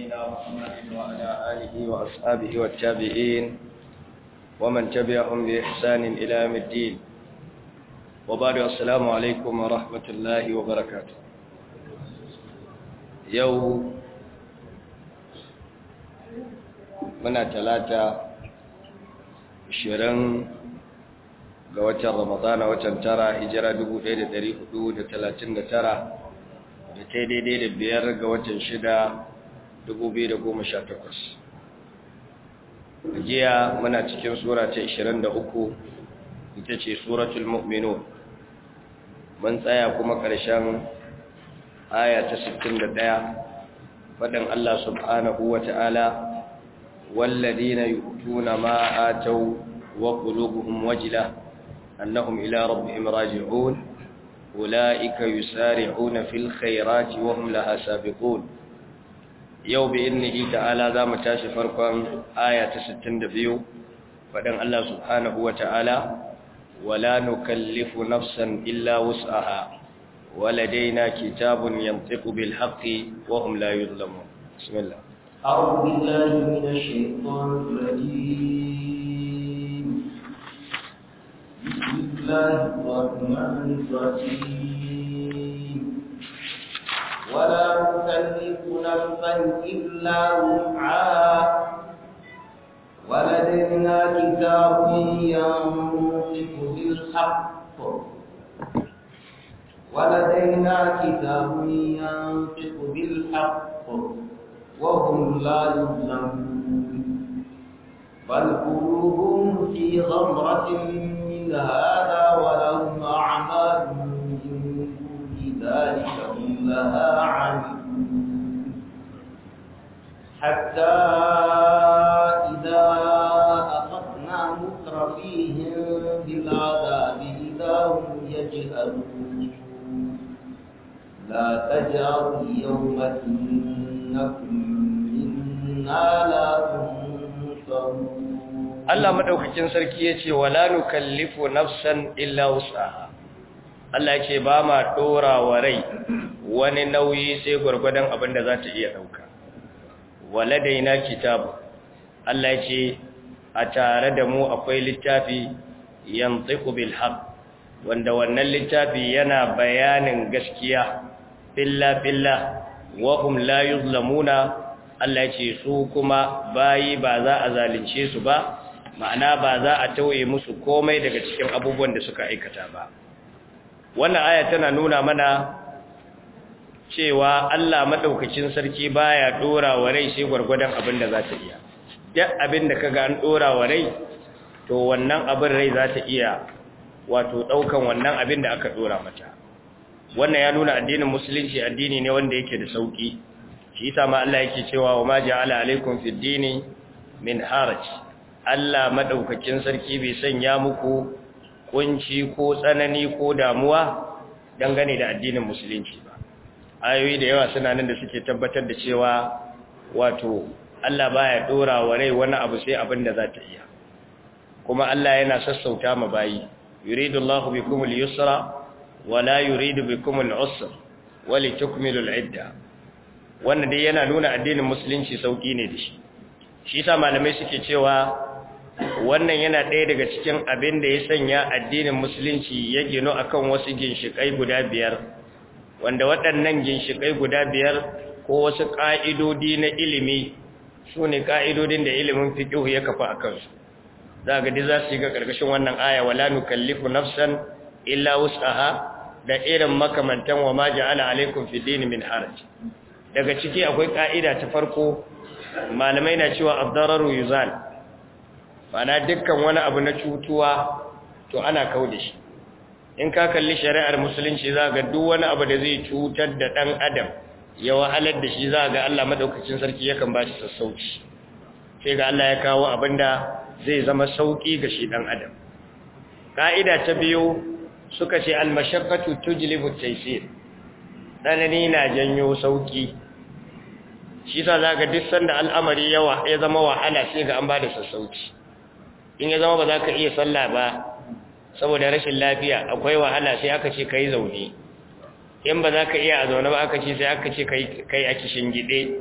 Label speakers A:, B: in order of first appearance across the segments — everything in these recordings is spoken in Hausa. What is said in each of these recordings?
A: نبينا محمد وعلى آله
B: وأصحابه والتابعين ومن تبعهم بإحسان إلى يوم الدين وبعد السلام عليكم ورحمة الله وبركاته يوم من ثلاثة شرن ga watan ramadana watan tara hijira 1439 da ta daidai da biyar ga watan shida 2018 jiya muna cikin sura ta 23 ita ce suratul mu'minun mun tsaya kuma ƙarshen aya ta 61 faɗin Allah subhanahu wata'ala walladina yu'tuna ma atau wa qulubuhum wajila annahum ila rabbihim raji'un أولئك يسارعون في الخيرات وهم لها سابقون
A: yau bi innihi ta'ala za mu tashi farkon aya ta 62
B: faɗin Allah subhanahu wa ta'ala wala nukallifu nafsan illa wus'aha waladaina kitabun yantiqu bil haqqi wa hum la yuzlamun bismillah
A: a'udhu billahi minash shaitanir rajim bismillahir rahmanir rahim ولا نكلف نفسا إلا وسعها ولدينا كتاب ينطق بالحق ولدينا كتاب ينطق بالحق وهم لا يظلمون بل قلوبهم في غمرة من هذا ولهم أعمى حتى إذا أخذنا فيهم بالعذاب إذا هم يجهلون لا تجعل يوم
B: إنكم
A: منا لا تنصرون ألا الله مدعوك
B: جنسر كيتي ولا نكلف نفسا إلا وسعها Allah ce ba ma dora wa rai wani nauyi sai gwargwadon abin da za ta iya dauka waladaina kitabu Allah ce a tare da mu akwai littafi yantiqu bil haqq wanda wannan littafi yana bayanin gaskiya billa billa wa hum la Allah ce su kuma bayi ba za a zalunce su ba ma'ana ba za a tauye musu komai daga cikin abubuwan da suka aikata ba wannan aya tana nuna mana cewa Allah madaukakin sarki baya dora wa rai sai gurgurdan abin da za ta iya duk abin da kaga an dora wa rai to wannan abin rai za ta iya wato daukan wannan abin da aka dora mata wannan ya nuna addinin musulunci addini ne wanda yake da sauki shi yasa ma Allah yake cewa wa ma ja'ala alaikum fid dini min haraj Allah madaukakin sarki bai sanya muku kunci ko tsanani ko damuwa dangane da addinin musulunci ba ayoyi da yawa suna nan da suke tabbatar da cewa wato Allah baya dora wa rai wani abu sai abin da za ta iya kuma Allah yana sassauta ma bayi yuridullahu bikum al-yusra wa la yuridu bikum al-usra wa litukmilu al-idda wannan dai yana nuna addinin musulunci sauki ne da shi shi sa malamai suke cewa wannan yana ɗaya daga cikin abin da ya sanya addinin musulunci ya gino a kan wasu ginshiƙai guda biyar wanda waɗannan ginshiƙai guda biyar ko wasu ƙa'idodi na ilimi su ne ƙa'idodin da ilimin fiƙihu ya kafa a kansu za ga za su yi ga ƙarƙashin wannan aya wala kallifu nafsan illa wus'aha da irin makamantan wa ma ja'ala alaikum fi min haraj daga ciki akwai ƙa'ida ta farko malamai na cewa abdararu yuzal ma'ana dukkan wani abu na cutuwa to ana kau shi in ka kalli shari'ar musulunci za ga duk wani abu da zai cutar da ɗan adam ya wahalar da shi za ga Allah maɗaukacin sarki yakan ba shi sassauci sai ga Allah ya kawo abin da zai zama sauƙi ga shi ɗan adam Ka'ida ta biyu suka ce almashakkatu tujlibu taysir tsanani na janyo sauki shi sa ga duk sanda al'amari ya zama wahala sai ga an ba da sassauci in ya zama ba za ka iya sallah ba saboda rashin lafiya akwai wahala sai aka ce ka yi zaune in ba za ka iya a zaune ba aka ce sai aka ce ka yi a kishin gide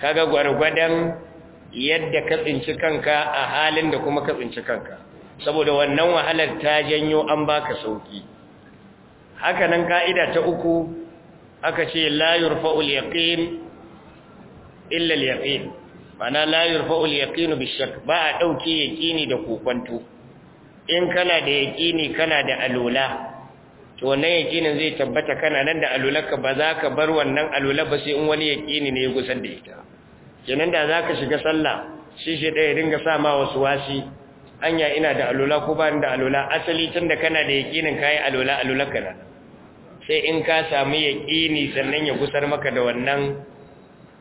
B: kaga gwargwadon yadda ka tsinci kanka a halin da kuma ka tsinci kanka saboda wannan wahalar ta janyo an baka sauki haka nan ka'ida ta uku aka ce la yurfa'ul yaqin illa al yaqin mana la yurfa'ul yaqinu bishak ba a ɗauke yaƙini da kokwanto in kana da yaƙini kana da alola, to wannan yaƙinin zai tabbata kana nan da ka ba za ka bar wannan alola ba sai in wani yaƙini ne ya gusar da ita kenan da za ka shiga sallah shi shi ɗaya dinga sa ma wasu wasi anya ina da alola, ko ba da alola asali tun da kana da yaƙinin yi alola-alola ka na sai in ka samu yaƙini sannan ya gusar maka da wannan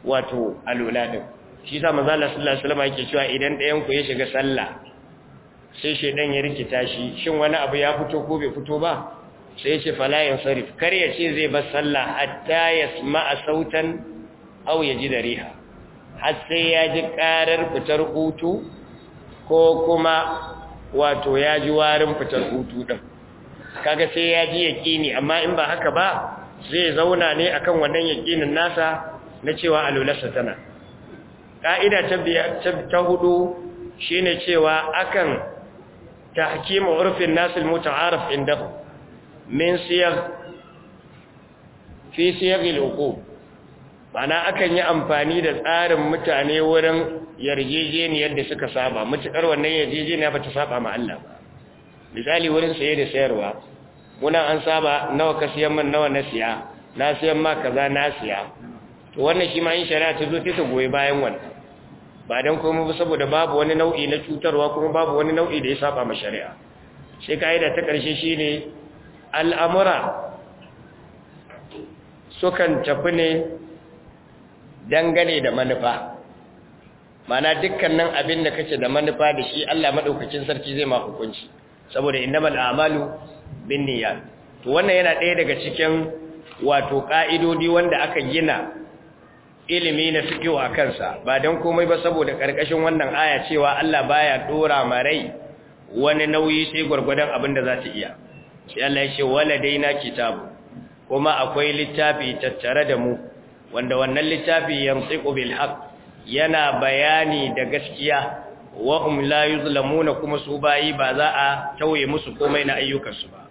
B: wato alola din shi sa manzo Allah sallallahu alaihi wasallam yake cewa idan ɗayan ku ya shiga sallah sai shedan ya rikita shi shin wani abu ya fito ko bai fito ba sai ya ce fala yansarif kar ya ce zai bar sallah hatta yasma'a sautan aw yaji dariha har sai ya ji karar fitar hutu ko kuma wato ya ji warin fitar hutu din kaga sai ya ji yaqini amma in ba haka ba zai zauna ne akan wannan yaqinin nasa na cewa alularsa tana ƙa'ida ta hudu shine cewa akan tahkimu urfin nasil muta'arif indahu min siyar fi siyagil uku mana akan yi amfani da tsarin mutane wurin yarjejeniyar da suka saba mutukar wannan yarjejeniyar ba ta saba ma Allah ba misali wurin saye da sayarwa muna an saba nawa ka siyan man nawa na siya na siyan ma kaza na siya to wannan shi ma in shari'a ta zo ta goyi bayan wannan ba don komai ba saboda babu wani nau'i na cutarwa kuma babu wani nau'i da ya saba ma shari'a sai ka'ida ta ƙarshe shi ne al'amura sukan tafi ne dangane da manufa mana dukkanin abin da kace da manufa da shi Allah maɗaukacin sarki zai ma hukunci saboda innamal a'malu binniyat to wannan yana ɗaya daga cikin wato ƙa'idodi wanda aka gina ilimi na kyau a kansa ba don komai ba saboda ƙarƙashin wannan aya cewa Allah baya dora marai wani nauyi sai gwargwadon abin da za ta iya sai Allah ya ce kitabu kuma akwai littafi tattare da mu wanda wannan littafi yantiqu bil haqq yana bayani da gaskiya wa hum la yuzlamuna kuma su bayi ba za a tauye musu komai na ayyukansu ba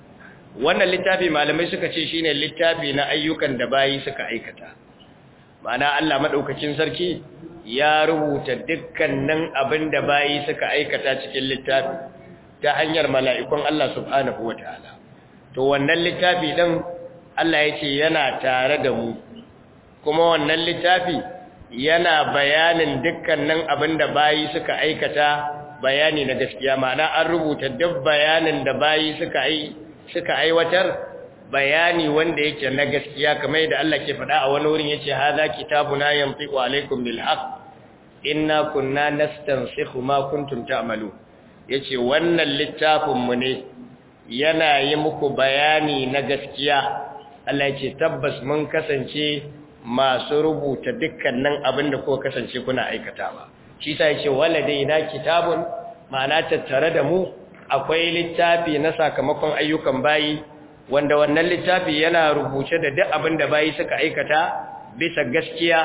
B: wannan littafi malamai suka ce shine littafi na ayyukan da bayi suka aikata ma'ana Allah madaukakin sarki ya rubuta dukkanin abinda bayi suka aikata cikin littafi ta hanyar mala'ikun Allah subhanahu wataala to wannan littafi ɗin, Allah yace yana tare da mu kuma wannan littafi yana bayanin dukkanin abinda bayi suka aikata bayani na gaskiya ma'ana an rubuta duk bayanin da bayi suka ai suka aiwatar bayani wanda yake na gaskiya kamar yadda Allah ke faɗa a wani wurin yace haza kitabuna yantiqu alaikum bil haqq inna kunna nastansikhu ma kuntum ta'malu yace wannan littafin mu ne yana yi muku bayani na gaskiya Allah yace tabbas mun kasance masu rubuta dukkanin abin da kuka kasance kuna aikatawa shi sai yace na kitabun ma'ana tattare da mu akwai littafi na sakamakon ayyukan bayi wanda wannan littafi yana rubuce da duk abin da bayi suka aikata bisa gaskiya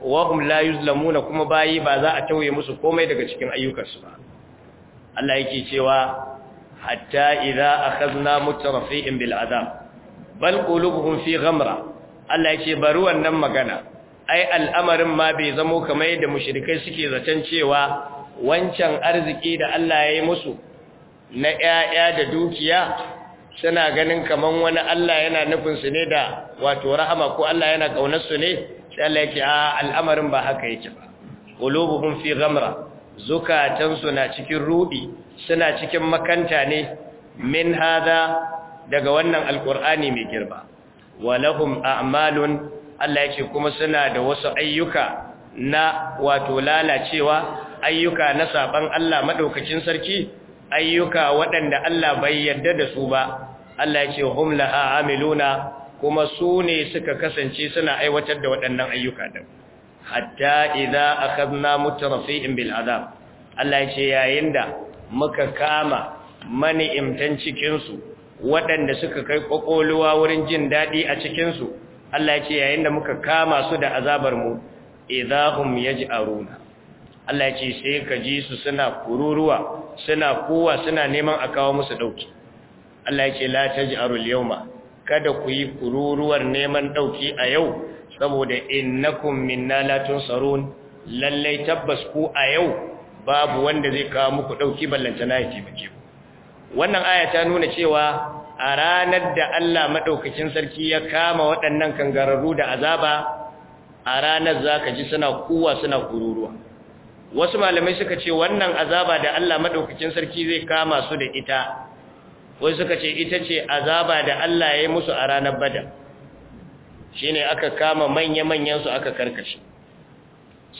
B: wa hum la yuzlamuna kuma bayi ba za a tauye musu komai daga cikin ayyukansu ba Allah yake cewa hatta idza akhadna mutrafi'in bil azab bal qulubuhum fi ghamra Allah yake bari wannan magana ai al'amarin ma bai zamo kamar yadda mushrikai suke zaton cewa wancan arziki da Allah ya yi musu na ƴaƴa da dukiya suna ganin kaman wani Allah yana nufin su ne da wato rahama ko Allah yana kaunar su ne sai Allah yake a al'amarin ba haka yake ba qulubuhum fi ghamra zukatan su na cikin rubi suna cikin makanta ne min hada daga wannan alqur'ani mai girba walahum a'malun Allah yake kuma suna da wasu ayyuka na wato lalacewa ayyuka na saban Allah madaukakin sarki ayyuka waɗanda Allah bai yarda da su ba Allah ya ce hum laha amiluna kuma su ne suka kasance suna aiwatar da waɗannan ayyuka din hatta idza akhadna mutrafi'in bil azab Allah ya ce yayin da muka kama mani'imtan cikin su waɗanda suka kai kokoluwa wurin jin dadi a cikin su Allah ya ce yayin da muka kama su da azabar mu idza hum yaj'aruna Allah ya ce sai ka ji su suna kururuwa suna kowa suna neman a kawo musu dauki Allah ya ce la taj'arul yawma kada ku yi kururuwar neman dauki a yau saboda innakum minna la tunsarun lalle tabbas ku a yau babu wanda zai kawo muku dauki ballanta na yake ku. wannan aya ta nuna cewa a ranar da Allah madaukakin sarki ya kama waɗannan kangararru da azaba a ranar zaka ji suna kuwa suna kururuwa wasu malamai suka ce wannan azaba da Allah madaukakin sarki zai kama su da ita wai suka ce ita ce azaba da Allah ya yi musu a ranar bada shi ne aka kama manya-manyan su aka karkashi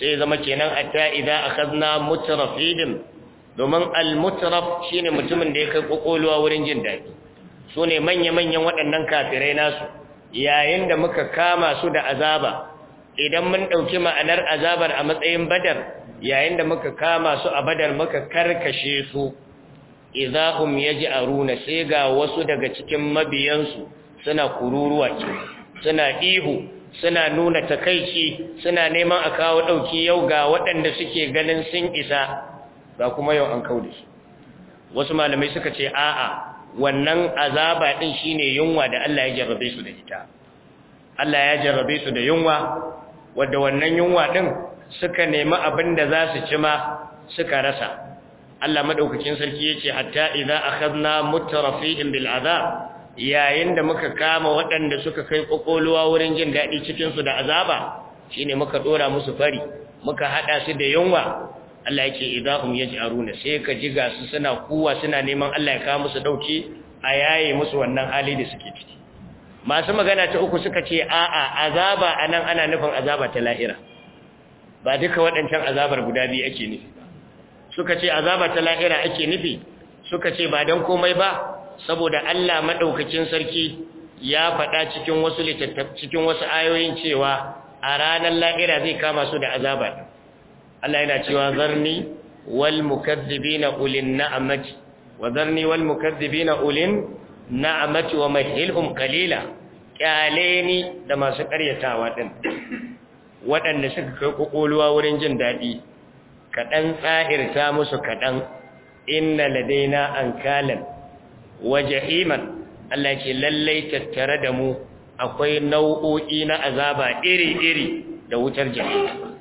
B: sai zama kenan a ta'iza a kazna mutarafidin domin al-mutaraf shi ne mutumin da ya kai ƙwaƙwalwa wurin jin daɗi su ne manya-manyan waɗannan kafirai nasu yayin da muka kama su da azaba idan mun ɗauki ma'anar azabar a matsayin badar yayin da muka kama su a badar muka karkashe su hum yaj'aruna sai ga wasu daga cikin mabiyansu suna kururuwa ce suna ihu suna nuna takaici suna neman a kawo dauki yau ga waɗanda suke ganin sun isa ba kuma yau an kaude su wasu malamai suka ce a'a wannan azaba din shine yunwa da Allah ya jarrabe su da ita Allah ya jarrabe su da yunwa wanda wannan yunwa din suka nemi abin da za su ci ma suka rasa Allah madaukakin sarki yace hatta idza akhadna mutrafihim bil azab yayin da muka kama waɗanda suka kai kokoluwa wurin jin dadi cikin su da azaba shine muka dora musu fari muka hada su da yunwa Allah yake idza hum yaj'aruna sai ka jiga su suna kuwa suna neman Allah ya kawo musu dauki a yaye musu wannan hali da suke ciki masu magana ta uku suka ce a azaba anan ana nufin azaba ta lahira ba duka waɗancan azabar guda biyu ake nufi suka ce azaba ta lahira ake nufi suka ce ba dan komai ba saboda Allah madaukakin sarki ya faɗa cikin wasu cikin wasu ayoyin cewa a ranar lahira zai kama su da azaba Allah yana cewa zarni wal mukazzibina ulin na'amati wa zarni wal mukazzibina ulin na'amati wa mahilhum qalila kyale ni da masu karyatawa din waɗanda suka kai kokoluwa wurin jin daɗi kaɗan tsahirta musu kaɗan inna ladaina an kalan wa jahiman Allah ke lallai tattare da mu akwai nau'o'i na azaba iri-iri da wutar jahim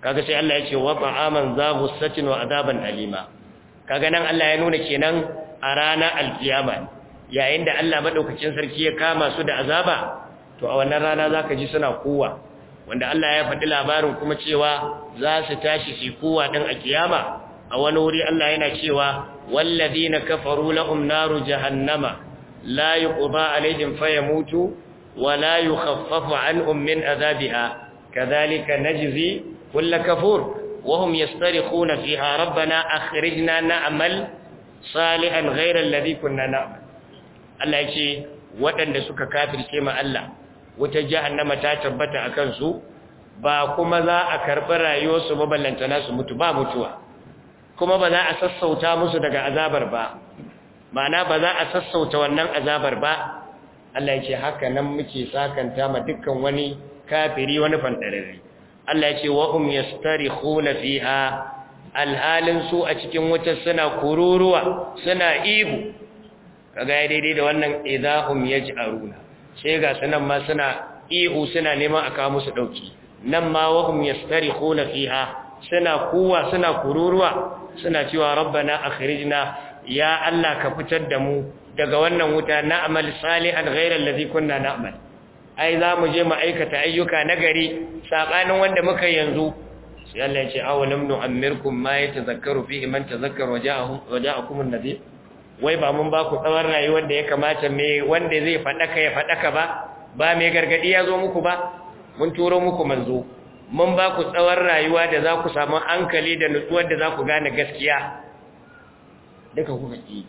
B: kaga sai Allah ya ce wa ta'aman za gussatin wa azaban alima kaga nan Allah ya nuna kenan a ranar alkiyama yayin da Allah madaukakin sarki ya kama su da azaba to a wannan rana zaka ji suna kowa wanda Allah ya faɗi labarin kuma cewa za su tashi shi kowa ɗin a kiyama a wani wuri Allah yana cewa na kafaru lahum naru jahannama la yuqda alaihim mutu, wa la yukhaffafu anhum min azabiha kadhalika najzi kull kafur wa hum yastarikhuna na rabbana na na'mal salihan gairar alladhi kunna na'mal Allah ya ce waɗanda suka kafirce ma Allah wata jahannama ta tabbata a kansu. ba kuma za a karɓi rayuwarsu maballantana su mutu ba mutuwa kuma ba za a sassauta musu daga azabar ba ma'ana ba za a sassauta wannan azabar ba Allah ya ce haka nan muke sakanta ma dukkan wani kafiri wani fantararri Allah ya ce wa hum yastarikhuna fiha alhalin su a cikin wuta suna kururuwa suna ihu kaga ya daidai da wannan idahum yaj'aruna sai ga sanan ma suna ihu suna neman a kawo musu dauki nan ma wahum yastarikhuna fiha suna kuwa suna kururuwa suna cewa rabbana akhrijna ya Allah ka fitar da mu daga wannan wuta na'mal salihan ghayra allazi kunna na'mal ai za mu je mu aikata ayyuka nagari sabanin wanda muka yanzu sai Allah ya ce awalam nu'ammirkum ma yatazakkaru fihi man tazakkara waja'ahum waja'akum an-nadhir wai ba mun ba ku tsawon rayuwar da ya kamata me wanda zai fadaka ya fadaka ba ba mai gargadi ya zo muku ba mun turo muku manzo mun ba ku tsawon rayuwa da za ku samu hankali da nutsuwar da za ku gane gaskiya duka kuka ƙi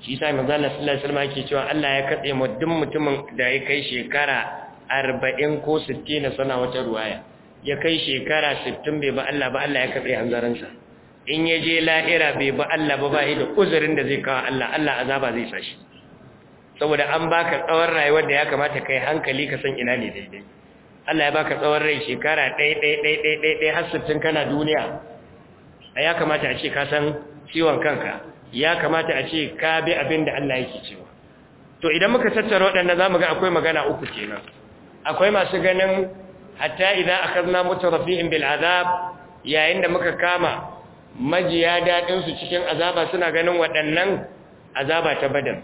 B: shi sa manzo Allah sallallahu alaihi wasallam yake cewa Allah ya katse mu duk mutumin da ya kai shekara 40 ko 60 na sana wata ruwaya ya kai shekara 60 bai ba Allah ba Allah ya katse hanzarinsa in ya je la'ira bai ba Allah ba bai da uzurin da zai kawo Allah Allah azaba zai sa shi saboda an baka tsawon rayuwar da ya kamata kai hankali ka san ina ne daidai Allah ya baka tsawon rai shekara ɗaya ɗaya ɗaya har sittin kana duniya a ya kamata a ce ka san ciwon kanka ya kamata a ce ka bi abin da Allah yake cewa to idan muka tattara waɗanda za mu ga akwai magana uku kenan akwai masu ganin hatta idan mutu mutarafin bil azab yayin da muka kama majiya daɗin su cikin azaba suna ganin waɗannan azaba ta badan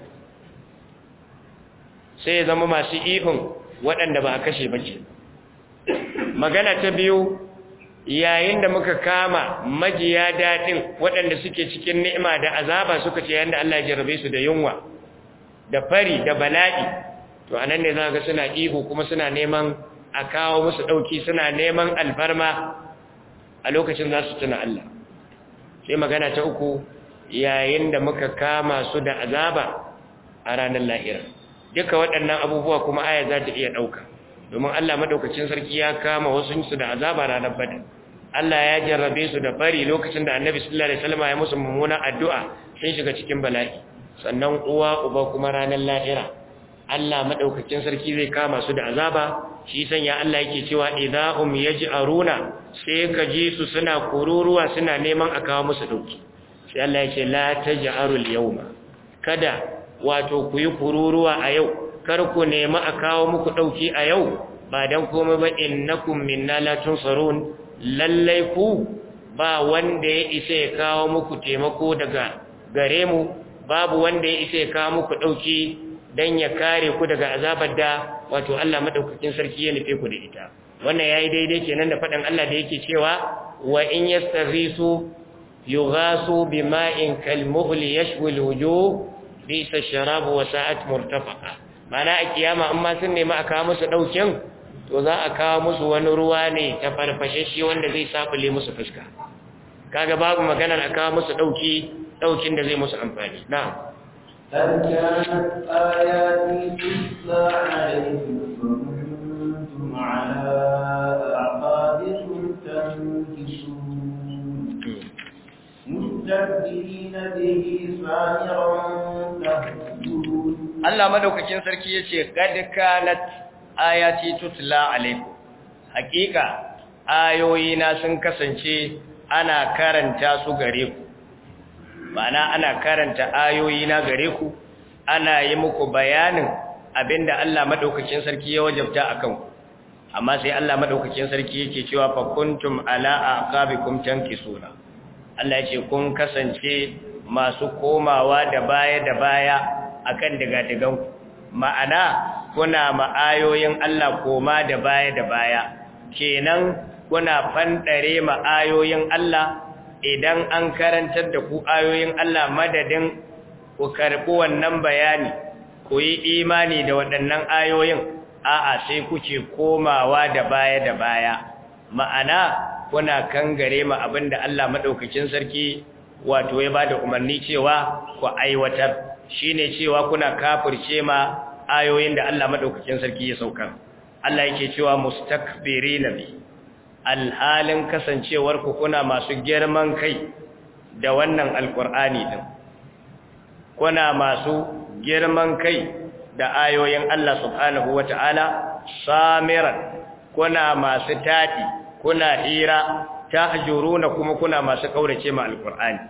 B: sai ya zama masu ihun waɗanda ba a kashe ba ce magana ta biyu yayin da muka kama majiya daɗin waɗanda suke cikin ni'ima da azaba suka ce yanda Allah ya rabe su da yunwa da fari da bala'i to anan ne za ga suna ihu kuma suna neman a kawo musu ɗauki suna neman alfarma a lokacin za su tuna Allah sai magana ta uku yayin da muka kama su da azaba a ranar lahira duka waɗannan abubuwa kuma aya za ta iya ɗauka domin Allah madaukakin sarki ya kama wasu su da azaba ranar badar Allah ya jarrabe su da fari lokacin da Annabi sallallahu alaihi wasallam ya musu mummuna addu'a sun shiga cikin bala'i sannan uwa uba kuma ranar lahira Allah madaukakin sarki zai kama su da azaba shi sanya Allah yake cewa idahum yaj'aruna sai ka ji su suna kururuwa suna neman a kawo musu dauki sai Allah yake la taj'arul yawma kada wato ku yi kururuwa a yau kar ku nemi a kawo muku ɗauki a yau ba don komai ba innakum minna la tunsarun lallai ku ba wanda ya isa ya kawo muku taimako daga gare mu babu wanda ya isa ya kawo muku ɗauki don ya kare ku daga azabar da wato Allah maɗaukakin sarki ya nufe ku da ita wannan ya yi daidai kenan da faɗin Allah da yake cewa wa in yastaghisu bima'in kalmuhli yashwi alwujuh bisa sharabu wa sa'at mana a kiyama in ma sun nemi a kawo musu ɗaukin to za a kawo musu wani ruwa ne ta farfashashe wanda zai safule musu fuska kaga babu maganar a kawo musu ɗauki ɗaukin da zai musu amfani na
A: مستكبرين به سامرا تهجرون
B: Allah madaukakin sarki yace gad kanat ayati tutla alaikum hakika ayoyina sun kasance ana karanta su gare ku Bana ana karanta ayoyina gare ku ana yi muku bayanin abinda Allah madaukakin sarki ya wajabta akan ku amma sai Allah madaukakin sarki yake cewa fa kuntum ala aqabikum tankisuna Allah ya kun kasance masu komawa da baya da baya akan digan ku ma'ana kuna ma'ayoyin Allah koma da baya da baya kenan kuna fandare ma'ayoyin Allah idan an karantar da ku ayoyin Allah madadin ku karɓi wannan bayani ku yi imani da waɗannan ayoyin a'a sai kuke komawa da baya da baya ma'ana kuna kangare ma abinda Allah madaukakin sarki wato ya bada umarni cewa ku aiwatar Shi ne cewa kuna kafirce ma ayoyin da Allah maɗaukacin sarki ya sauka Allah yake cewa na bi alhalin kasancewar kuna masu girman kai da wannan alqur'ani ɗin, kuna masu girman kai da ayoyin Allah subhanahu ta’ala, samiran kuna masu taɗi kuna hira ta tahjuruna kuma kuna masu ƙaurace ma alqur'ani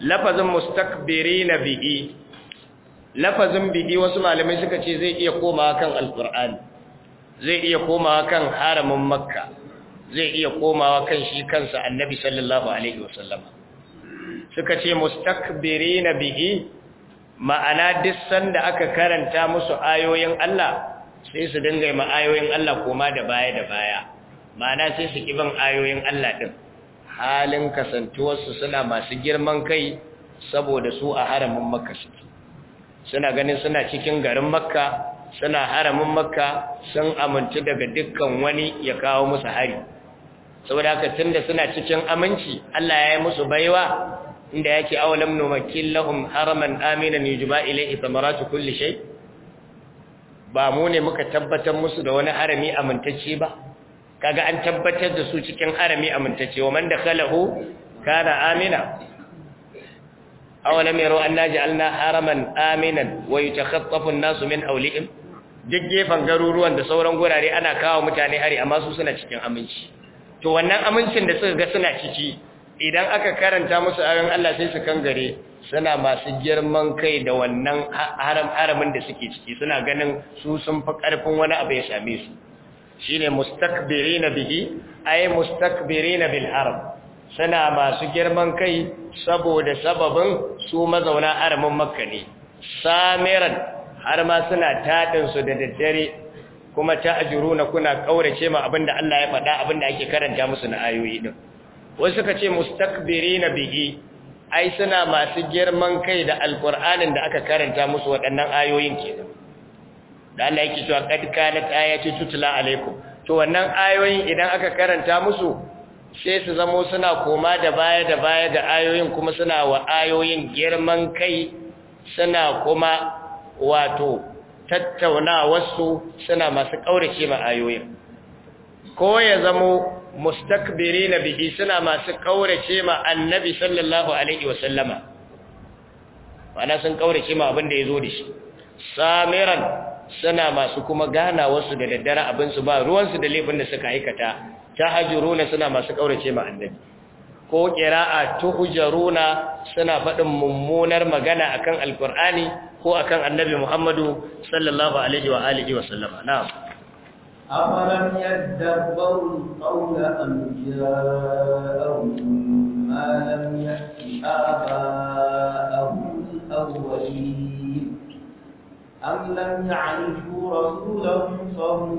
B: lafazin na bihi lafazin bihi wasu malamai suka ce zai iya komawa kan alqur'ani zai iya komawa kan haramin makka zai iya komawa kan shi kansa annabi sallallahu alaihi wasallam suka ce mustakbirina bihi ma'ana duk sanda aka karanta musu ayoyin Allah sai su dinga ma ayoyin Allah koma da baya da baya ma'ana sai su kiban ayoyin Allah din halin kasantuwarsu suna masu girman kai saboda su a haramin makka suke suna ganin suna cikin garin makka suna haramin makka sun amintu daga dukkan wani ya kawo musu hari saboda haka tunda suna cikin aminci Allah ya yi musu baiwa inda yake awalam numakkil lahum haraman aminan yujba ilayhi thamaratu kulli shay ba mu ne muka tabbatar musu da wani harami amintacce ba kaga an tabbatar da su cikin harami amintacce wa man dakhalahu kana amina awalam yaro anna ja'alna haraman aminan wa ta an-nasu min awlihim duk gefen garuruwan da sauran gurare ana kawo mutane hari amma su suna cikin aminci to wannan amincin da suka ga suna ciki idan aka karanta musu ayoyin Allah sai su gare. suna masu girman kai da wannan haram-haramin da suke ciki suna ganin su sun fi karfin wani abu ya same su shine mustakbirina bihi ay mustakbirina bil haram suna masu girman kai saboda sababin su mazauna aramin makka ne samiran har ma suna taɗinsu da daddare kuma ta ajiru na kuna kaurace ma abinda Allah ya faɗa abinda ake karanta musu na ayoyi ɗin wasu suka ce mustakbiri na bihi ai suna masu girman kai da alkur'anin da aka karanta musu waɗannan ayoyin kenan da Allah yake cewa qad ya ce tutla alaikum to wannan ayoyin idan aka karanta musu sai su zamo suna koma da baya da baya ga ayoyin kuma suna wa ayoyin girman kai suna kuma wato wasu suna masu ƙaurace ma ayoyin ko ya zamo mustakbiri na bihi suna masu ƙaurace ma annabi sallallahu alaihi wasallama mana sun ƙaurace ma abin da ya zo da shi samiran suna masu kuma gana wasu da abin abinsu ba ruwansu da laifin da suka aikata tahajuruna suna masu kaurace ma annabi ko qira'a tuhjaruna suna faɗin mummunar magana akan alqur'ani ko akan annabi Muhammadu sallallahu alaihi wa alihi wa sallama na'am
A: أَفَلَمْ yadabbaru qawla أَمْ jaa'a مَّا لَمْ يَأْتِ آبَاءَهُمُ الْأَوَّلِينَ أَمْ لَمْ يَعْرِفُوا رَسُولَهُمْ فَهُمْ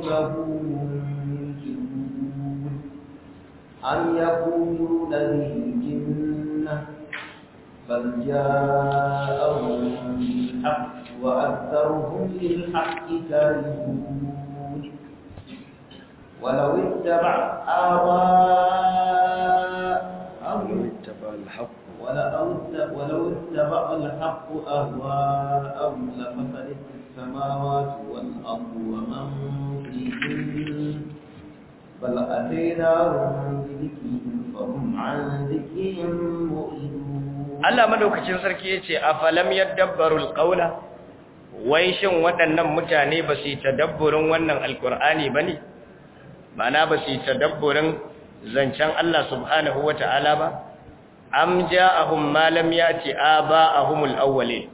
A: أم يقولون به جنة بل جاءهم بالحق وأكثرهم للحق كارهون ولو اتبع آباءهم اتبع الحق ولو اتبع الحق أهواءهم لفسدت السماوات والأرض ومن فيهن بل أتيناهم بذكرهم فهم عن ذكرهم مؤمنون الله مدوكتين
B: سركيتي أفلم يدبروا القول wai shin waɗannan mutane ba su yi tadabburin wannan alkur'ani ba ne mana ba su yi tadabburin zancen Allah subhanahu wa ta'ala ba am ja'ahum ma lam yati aba'ahumul awwalin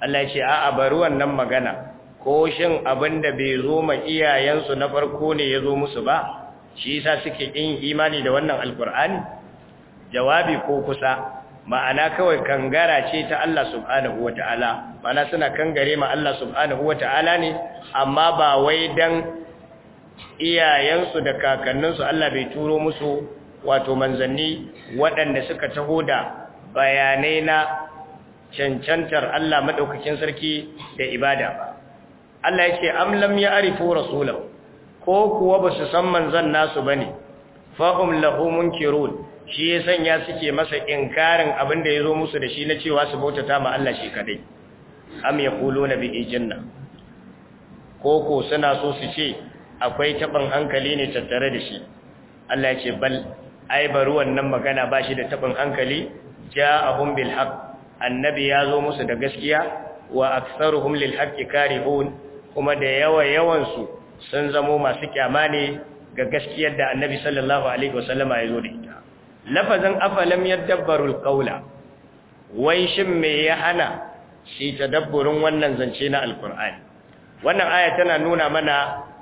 B: Allah ce a bari wannan magana ko shin abinda bai zo ma iyayensu na farko ne ya zo musu ba shi yasa suke yin imani da wannan alkur'ani jawabi ko kusa ma'ana kawai kangara ce ta Allah subhanahu wata'ala ma'ana suna kangare ma Allah subhanahu wata'ala ne amma ba wai dan iyayensu da kakanninsu Allah bai turo musu wato manzanni waɗanda suka taho da bayanai na cancantar Allah madaukakin sarki da ibada ba Allah yake am lam ya'rifu rasulahu ko kuwa ba su san manzan nasu ba ne fahim lahu munkirun shi ya sanya suke masa inkarin abin da ya zo musu da shi na cewa su bautata ma Allah shi kadai am yaquluna bi janna ko ko suna so su ce akwai taban hankali ne tattare da shi Allah ya ce bal ai bari wannan magana ba shi da taban hankali ja a bil haqq annabi ya zo musu da gaskiya wa aktsaruhum lil haqqi karihun kuma da yawa yawan su sun zamo masu kyama ne ga gaskiyar da annabi sallallahu alaihi wasallama ya zo da ita lafazin afalam yadabbarul qawla wai shin me ya hana shi tadabburin wannan zance na alqur'ani wannan aya tana nuna mana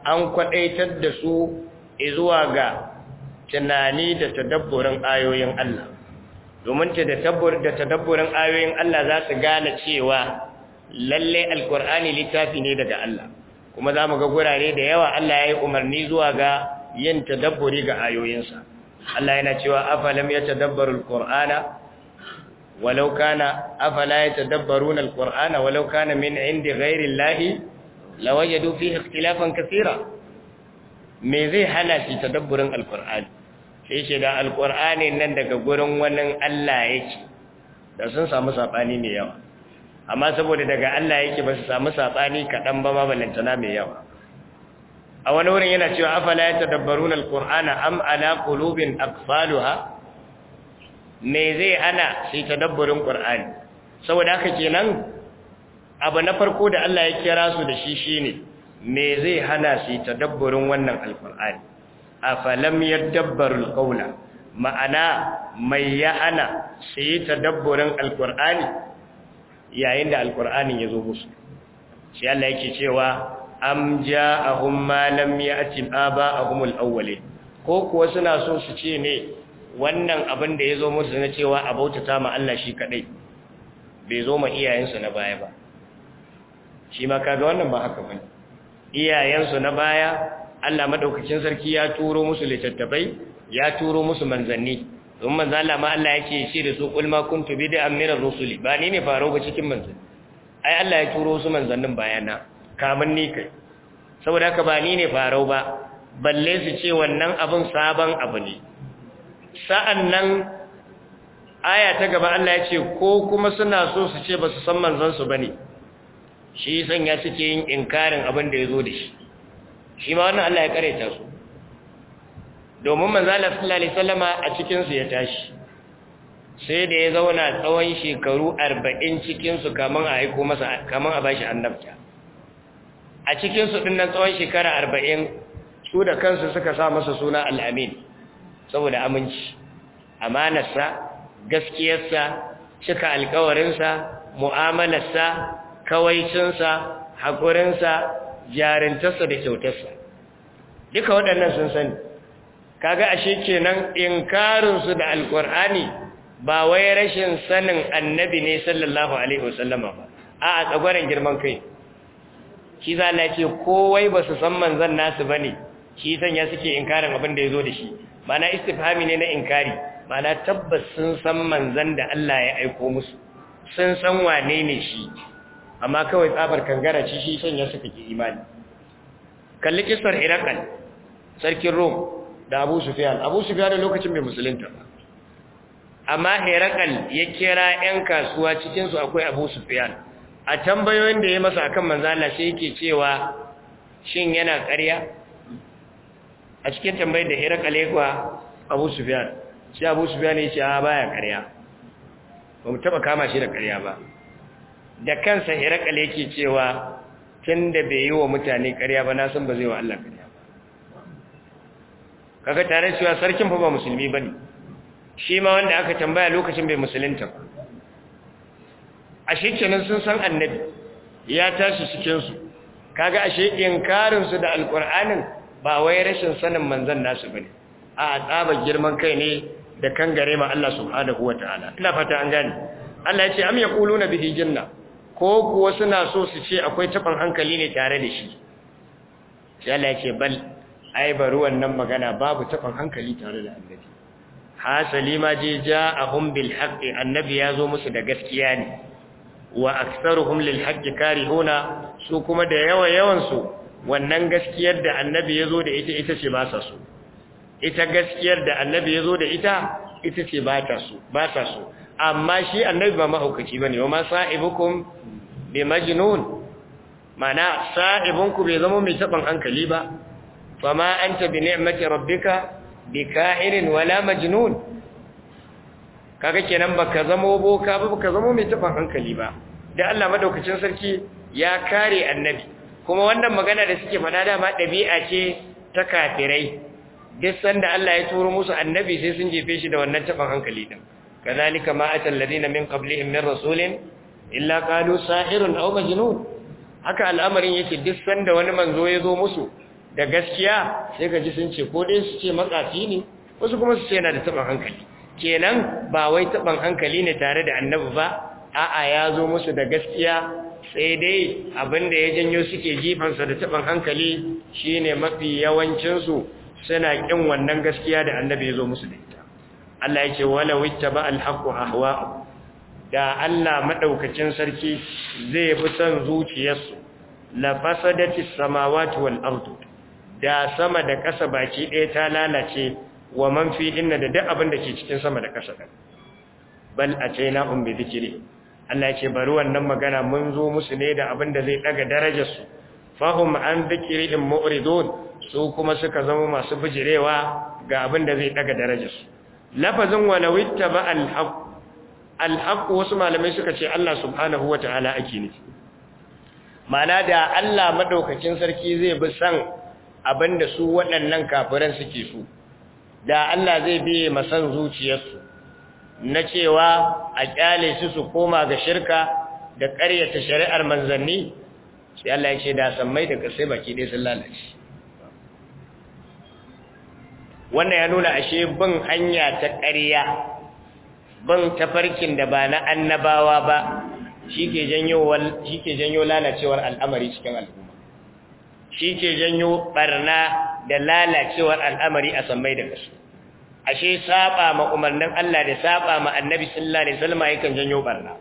B: an kwadaitar da su zuwa ga tunani da tadabburin ayoyin Allah domin ta da tadabburin ayoyin Allah za su gane cewa lalle alqur'ani littafi ne daga Allah kuma za mu ga gurare da yawa Allah ya yi umarni zuwa ga yin tadabburi ga ayoyinsa Allah yana cewa afalam ya tadabbarul qur'ana walau kana afala ya tadabbaruna alqur'ana walau kana min indi ghairi llahi lawajadu fihi ikhtilafan kaseera me zai hana shi tadabburin alqur'ani sai shi da alqur'ani nan daga gurin wannan Allah yake da sun samu sabani mai yawa amma saboda daga Allah yake ba su samu sabani kadan ba ba balantana mai yawa a wani wurin yana cewa afala yatadabbaruna alqur'ana am ala qulubin aqfaluha me zai ana sai tadabburin qur'ani saboda haka kenan abu na farko da Allah ya kira su da shi shine me zai hana su tadabburin wannan alqur'ani afalam yadabbarul qawla ma'ana mai ya hana su yi tadabburin alqur'ani yayin da alkur'ani ya zo musu shi Allah yake cewa am ja'ahum ma lam ya'tim aba'ahum al awwali ko kuwa suna so su ce ne wannan abin da ya zo musu na cewa a bautata ma Allah shi kadai bai zo ma iyayensu na baya ba shi ma kaga wannan ba haka bane iyayensu na baya Allah madaukakin sarki ya turo musu littattafai ya turo musu manzanni don manzo Allah ma Allah yake ce da su kulma ma kuntu da min ar-rusuli ba ni ne faro ba cikin manzo ai Allah ya turo su manzannin bayana kamun ni kai saboda haka ba ni ne faro ba balle su ce wannan abin sabon abu ne sa'annan aya ta gaba Allah ya ce ko kuma suna so su ce ba su san manzon su bane shi san ya suke yin inkarin abin da ya zo da shi shi ma wannan Allah ya kare ta su domin manzala sallallahu alaihi wasallama a cikin su ya tashi sai da ya zauna tsawon shekaru 40 cikin su kaman a aiko masa kaman a bashi annabta a cikin su dinnan tsawon shekara 40 su da kansu suka sa masa suna al-amin saboda aminci amanarsa gaskiyarsa cika alkawarinsa mu'amalarsa kawaicinsa haƙurinsa jarintarsa da kyautarsa duka waɗannan sun sani kaga ashe kenan inkarin su da alqur'ani ba wai rashin sanin annabi ne sallallahu alaihi wasallama ba a'a tsagwaran girman kai shi za na ce kowai ba su san manzan nasu ba ne shi sanya suke inkarin abin da ya zo da shi na istifhami ne na inkari mana tabbas sun san manzan da Allah ya aiko musu sun san wane ne shi amma kawai tsabar kangara ci shi sanya suka ke imani kalli kisar irakal sarkin rome da Abu Sufyan Abu Sufyan lokacin bai musulunta ba amma Herakal ya kira 'yan kasuwa cikin su akwai Abu Sufyan a tambayoyin da ya masa akan manzo Allah sai yake cewa shin yana ƙarya a cikin tambayar da Herakal ya kwa Abu Sufyan shi Abu Sufyan ya ce a baya ƙarya ba mu taba kama shi da ƙarya ba da kansa Herakal yake cewa tunda bai yi wa mutane ƙarya ba na san ba zai wa Allah ƙarya kaga tare cewa sarkin fa ba musulmi bane shi ma wanda aka tambaya lokacin bai musulunta ashe kenan sun san annabi ya tashi cikin su kaga ashe inkarin su da alqur'anin ba wai rashin sanin manzon nasu bane a tsaba girman kai ne da kangare ma Allah subhanahu wataala ina fata an gane Allah ya ce am yaquluna bihi jinna ko kuwa suna so su ce akwai tafan hankali ne tare da shi sai Allah ya ce bal ai bari wannan magana babu taɓin hankali tare da annabi hasali ma je ja'ahum bil haqqi annabi ya zo musu da gaskiya ne wa aktsaruhum lil haqqi karihuna su kuma da yawa yawan su wannan gaskiyar da annabi ya zo da ita ita ce ba sa so ita gaskiyar da annabi ya zo da ita ita ce ba ta su. ba ta so amma shi annabi ba mahaukaci bane wa ma sa'ibukum bi majnun mana sa'ibunku bai zama mai taɓin hankali ba fama anta bi ka, rabbika bika'irin wala kaga kenan baka zamo boka ba baka zamo mai tafan hankali ba da Allah madaukakin sarki ya kare annabi kuma wannan magana da suke faɗa dama ɗabi'a ce ta kafirai duk sanda Allah ya turo musu annabi sai sun jefe shi da wannan tafan hankali din kazalika ma atal ladina min qablihim min rasulin illa qalu sahirun aw majnun haka al'amarin yake duk sanda wani manzo ya zo musu da gaskiya sai ka ji sun ce ko dai su ce matsafi ne wasu kuma su ce yana da taban hankali kenan ba wai taban hankali ne tare da annabi ba a'a ya zo musu da gaskiya sai dai abin da ya janyo suke jifansa da taban hankali shine mafi yawancinsu suna ƙin wannan gaskiya da annabi ya zo musu da ita Allah ya ce wala alhaku alhaqu ahwa'u da Allah maɗaukacin sarki zai fi son zuciyarsu la fasadati samawati wal ardu da sama da ƙasa baki ɗaya ta lalace wa man fi inna da duk abin da ke cikin sama da ƙasa ɗan bal a ce na umbe zikiri Allah ce bari wannan magana mun zo musu ne da abin da zai ɗaga darajarsu fahim an zikiri in mu'ridun su kuma suka zama masu bijirewa ga abin da zai ɗaga darajarsu lafazin lawitta ba alhaq alhaq wasu malamai suka ce Allah subhanahu wa ta'ala ake nufi Ma'ana da Allah madaukakin sarki zai bi san abinda su waɗannan kafiran suke su da Allah zai biye masan zuciyarsu na cewa a kyale su su koma ga shirka da ƙaryata shari'ar manzanni sai Allah ya ce da sammai da kasai baki ɗaya sun lalace wannan ya nuna ashe bin hanya ta ƙarya bin tafarkin da ba na annabawa ba shi ke janyo lalacewar al'amari cikin al'umma shi ke janyo barna da lalacewar al'amari a sammai da kasu ashe saba ma umarnin Allah da saba ma annabi sallallahu alaihi wasallam yakan janyo barna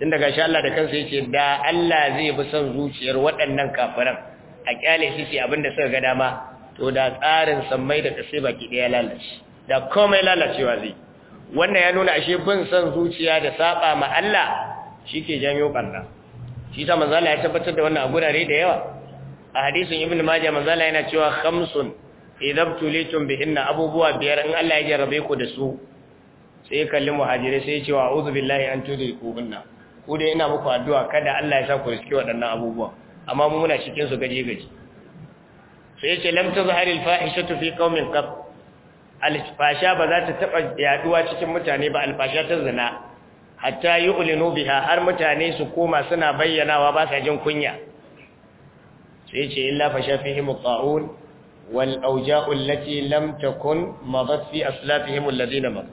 B: tun daga shi Allah da kansa yake da Allah zai bi son zuciyar waɗannan kafiran a kyale shi abinda suka ga dama to da tsarin sammai da kasu baki daya lalace da komai lalacewa zai wannan ya nuna ashe bin son zuciya da saba ma Allah shi ke janyo barna shi ta manzo Allah ya tabbatar da wannan a gurare da yawa a hadisin ibn majah manzala yana cewa khamsun idab tulitum bihinna abubuwa biyar in Allah ya jarrabe ku da su sai kallin muhajirai sai cewa a'udhu billahi an tudriku binna ku dai ina muku addu'a kada Allah ya sa ku riski waɗannan abubuwa amma mu muna cikin su gaje gaje sai ce lam tazhari al-fahishatu fi qaumin qab al ba za ta taba yaduwa cikin mutane ba al ta zina hatta yu'linu biha har mutane su koma suna bayyanawa ba sa jin kunya sai ce illa fa shafihim ta'un wal awja'u allati lam takun madat fi aslafihim alladhina mat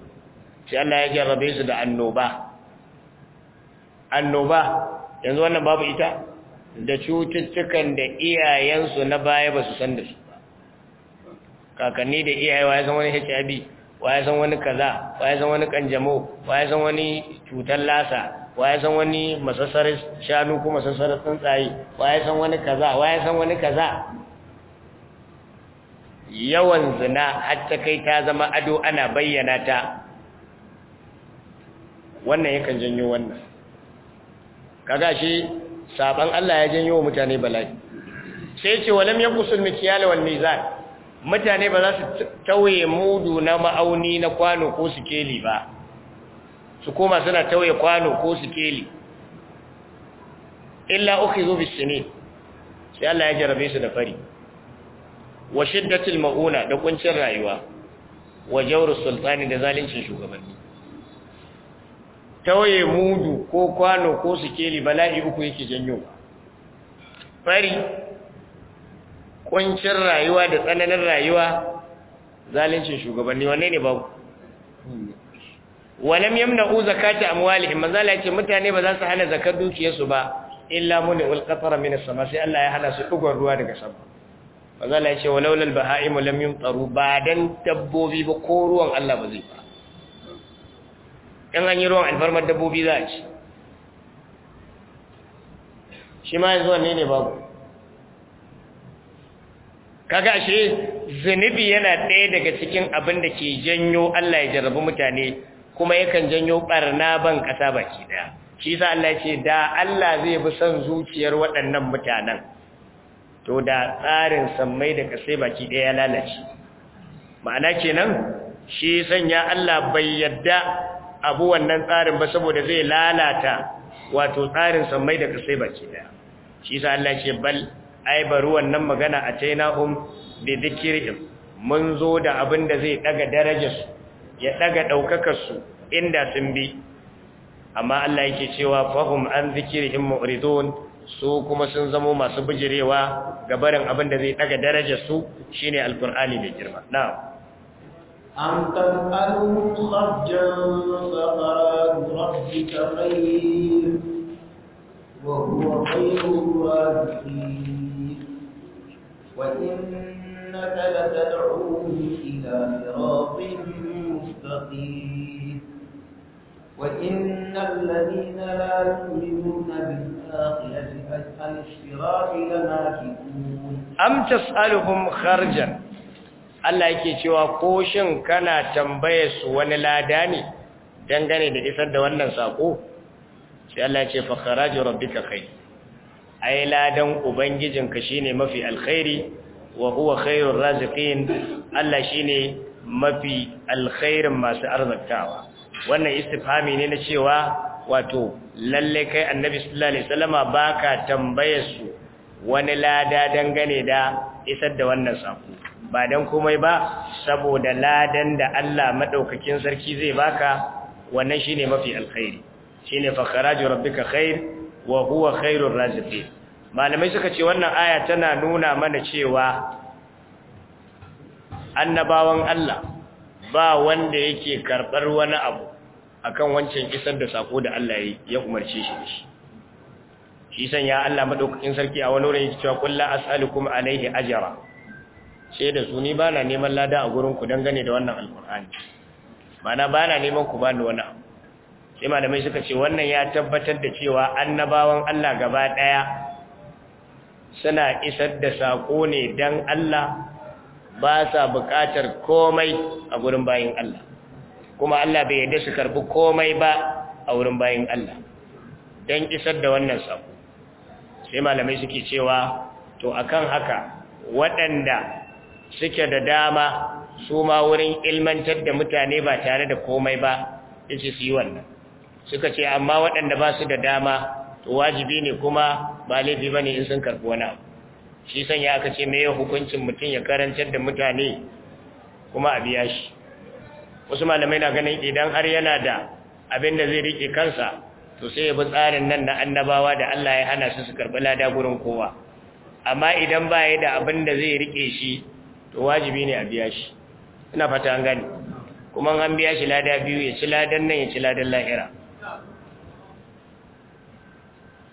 B: sai Allah ya jarrabe su da annoba annoba yanzu wannan babu ita da cututtukan da iyayensu na baya ba su san da su kakanni da iyaye wa ya san wani HIV wa ya san wani kaza wa ya san wani kanjamo wa ya san wani cutar lasa wa ya san wani masassar shanu ko masassar tsuntsaye wa ya san wani kaza wa ya san wani kaza yawan zina har ta kai ta zama ado ana bayyana ta wannan yakan janyo wannan kaga shi saban Allah ya janyo mutane bala'i sai ce walam yaqusul mikyal wal mizan mutane ba za su tauye mudu na ma'auni na kwano ko sikeli ba su koma suna tauye kwano ko su keli illa uku zo bisini sai Allah ya jarabe su da fari wa shiddatul mauna da kuncin rayuwa wa jawrus sultani da zalincin shugabanni tauye mudu ko kwano ko su keli bala'i uku yake janyo fari kuncin rayuwa da tsananin rayuwa zalincin shugabanni wanne ne babu walam yamna'u zakata amwalihim manzo Allah yace mutane ba za su hana zakar dukiyarsu ba illa muni ulqatara min as-sama sai Allah ya hana su dugon ruwa daga sama manzo Allah yace walau lal baha'im lam yumtaru ba dan dabbobi ba ko ruwan Allah ba zai ba in an yi ruwan alfarmar dabbobi za a ci shi ma yanzu wani ne babu kaga ashe zunubi yana ɗaya daga cikin abin da ke janyo Allah ya jarrabu mutane kuma yakan janyo barna ban kasa baki daya shi yasa Allah ya ce da Allah zai bi son zuciyar waɗannan mutanen to da tsarin sammai da kasai baki daya ya lalace ma'ana kenan shi sanya Allah bai yadda abu wannan tsarin ba saboda zai lalata wato tsarin sammai da kasai baki daya shi yasa Allah ya ce bal ai bari wannan magana a tainahum bi dhikrihim mun zo da abin da zai daga darajarsu ya daga ɗaukakarsu inda sun bi amma Allah yake cewa fahum an zikirihim mu'ridun su kuma sun zamo masu bijirewa ga barin abin da zai daga darajar su shine alqur'ani mai girma na'am
A: am tas'aluhum khajjan faqad rabbika khayr wa huwa khayrul wazirin wa innaka latad'uhum ila siratin المتقين وإن الذين لا يؤمنون بالآخرة عن الصراط لناكبون
B: أم تسألهم خرجا Allah yake cewa ko shin kana tambaye su wani lada ne dangane da isar da wannan sako sai Allah ya ce fa kharaju rabbika khair ai ladan ubangijinka shine mafi alkhairi wa huwa khairur raziqin Allah shine mafi alkhairin masu arzikawa wannan istifhami ne na cewa wato lalle kai annabi sallallahu alaihi wasallama baka tambayar su wani lada dangane da isar da wannan sako ba dan komai ba saboda ladan da Allah madaukakin sarki zai baka wannan shine mafi alkhairi shine fa kharaju rabbika khair wa huwa khairur raziqin malamai suka ce wannan aya tana nuna mana cewa annabawan Allah ba wanda yake karɓar wani abu akan wancan isar da sako da Allah ya umarce shi da shi shi san ya Allah madaukakin sarki a wani wurin yake cewa kullu as'alukum alaihi ajra sai da su ni bana neman lada a gurin ku dangane da wannan alqur'ani mana bana neman ku bani wani abu sai malamai suka ce wannan ya tabbatar da cewa annabawan Allah gaba daya suna isar da sako ne dan Allah ba sa buƙatar komai a gurin bayin Allah kuma Allah bai yarda su karbi komai ba a wurin bayin Allah don isar da wannan sako sai malamai suke cewa to akan haka waɗanda suke da dama su ma wurin ilmantar da mutane ba tare da komai ba yace su yi wannan suka ce amma waɗanda ba su da dama to wajibi ne kuma ba laifi bane in sun karbi wani abu shi sanya aka ce me hukuncin mutum ya karantar da mutane kuma a biya shi wasu malamai na ganin idan har yana da abin da zai riƙe kansa to sai ya bi tsarin nan na annabawa da Allah ya hana su su karɓi lada gurin kowa amma idan ba ya da abin da zai riƙe shi to wajibi ne a biya shi ina fata an gani kuma an biya shi lada biyu ya ci ladan nan ya ci ladan lahira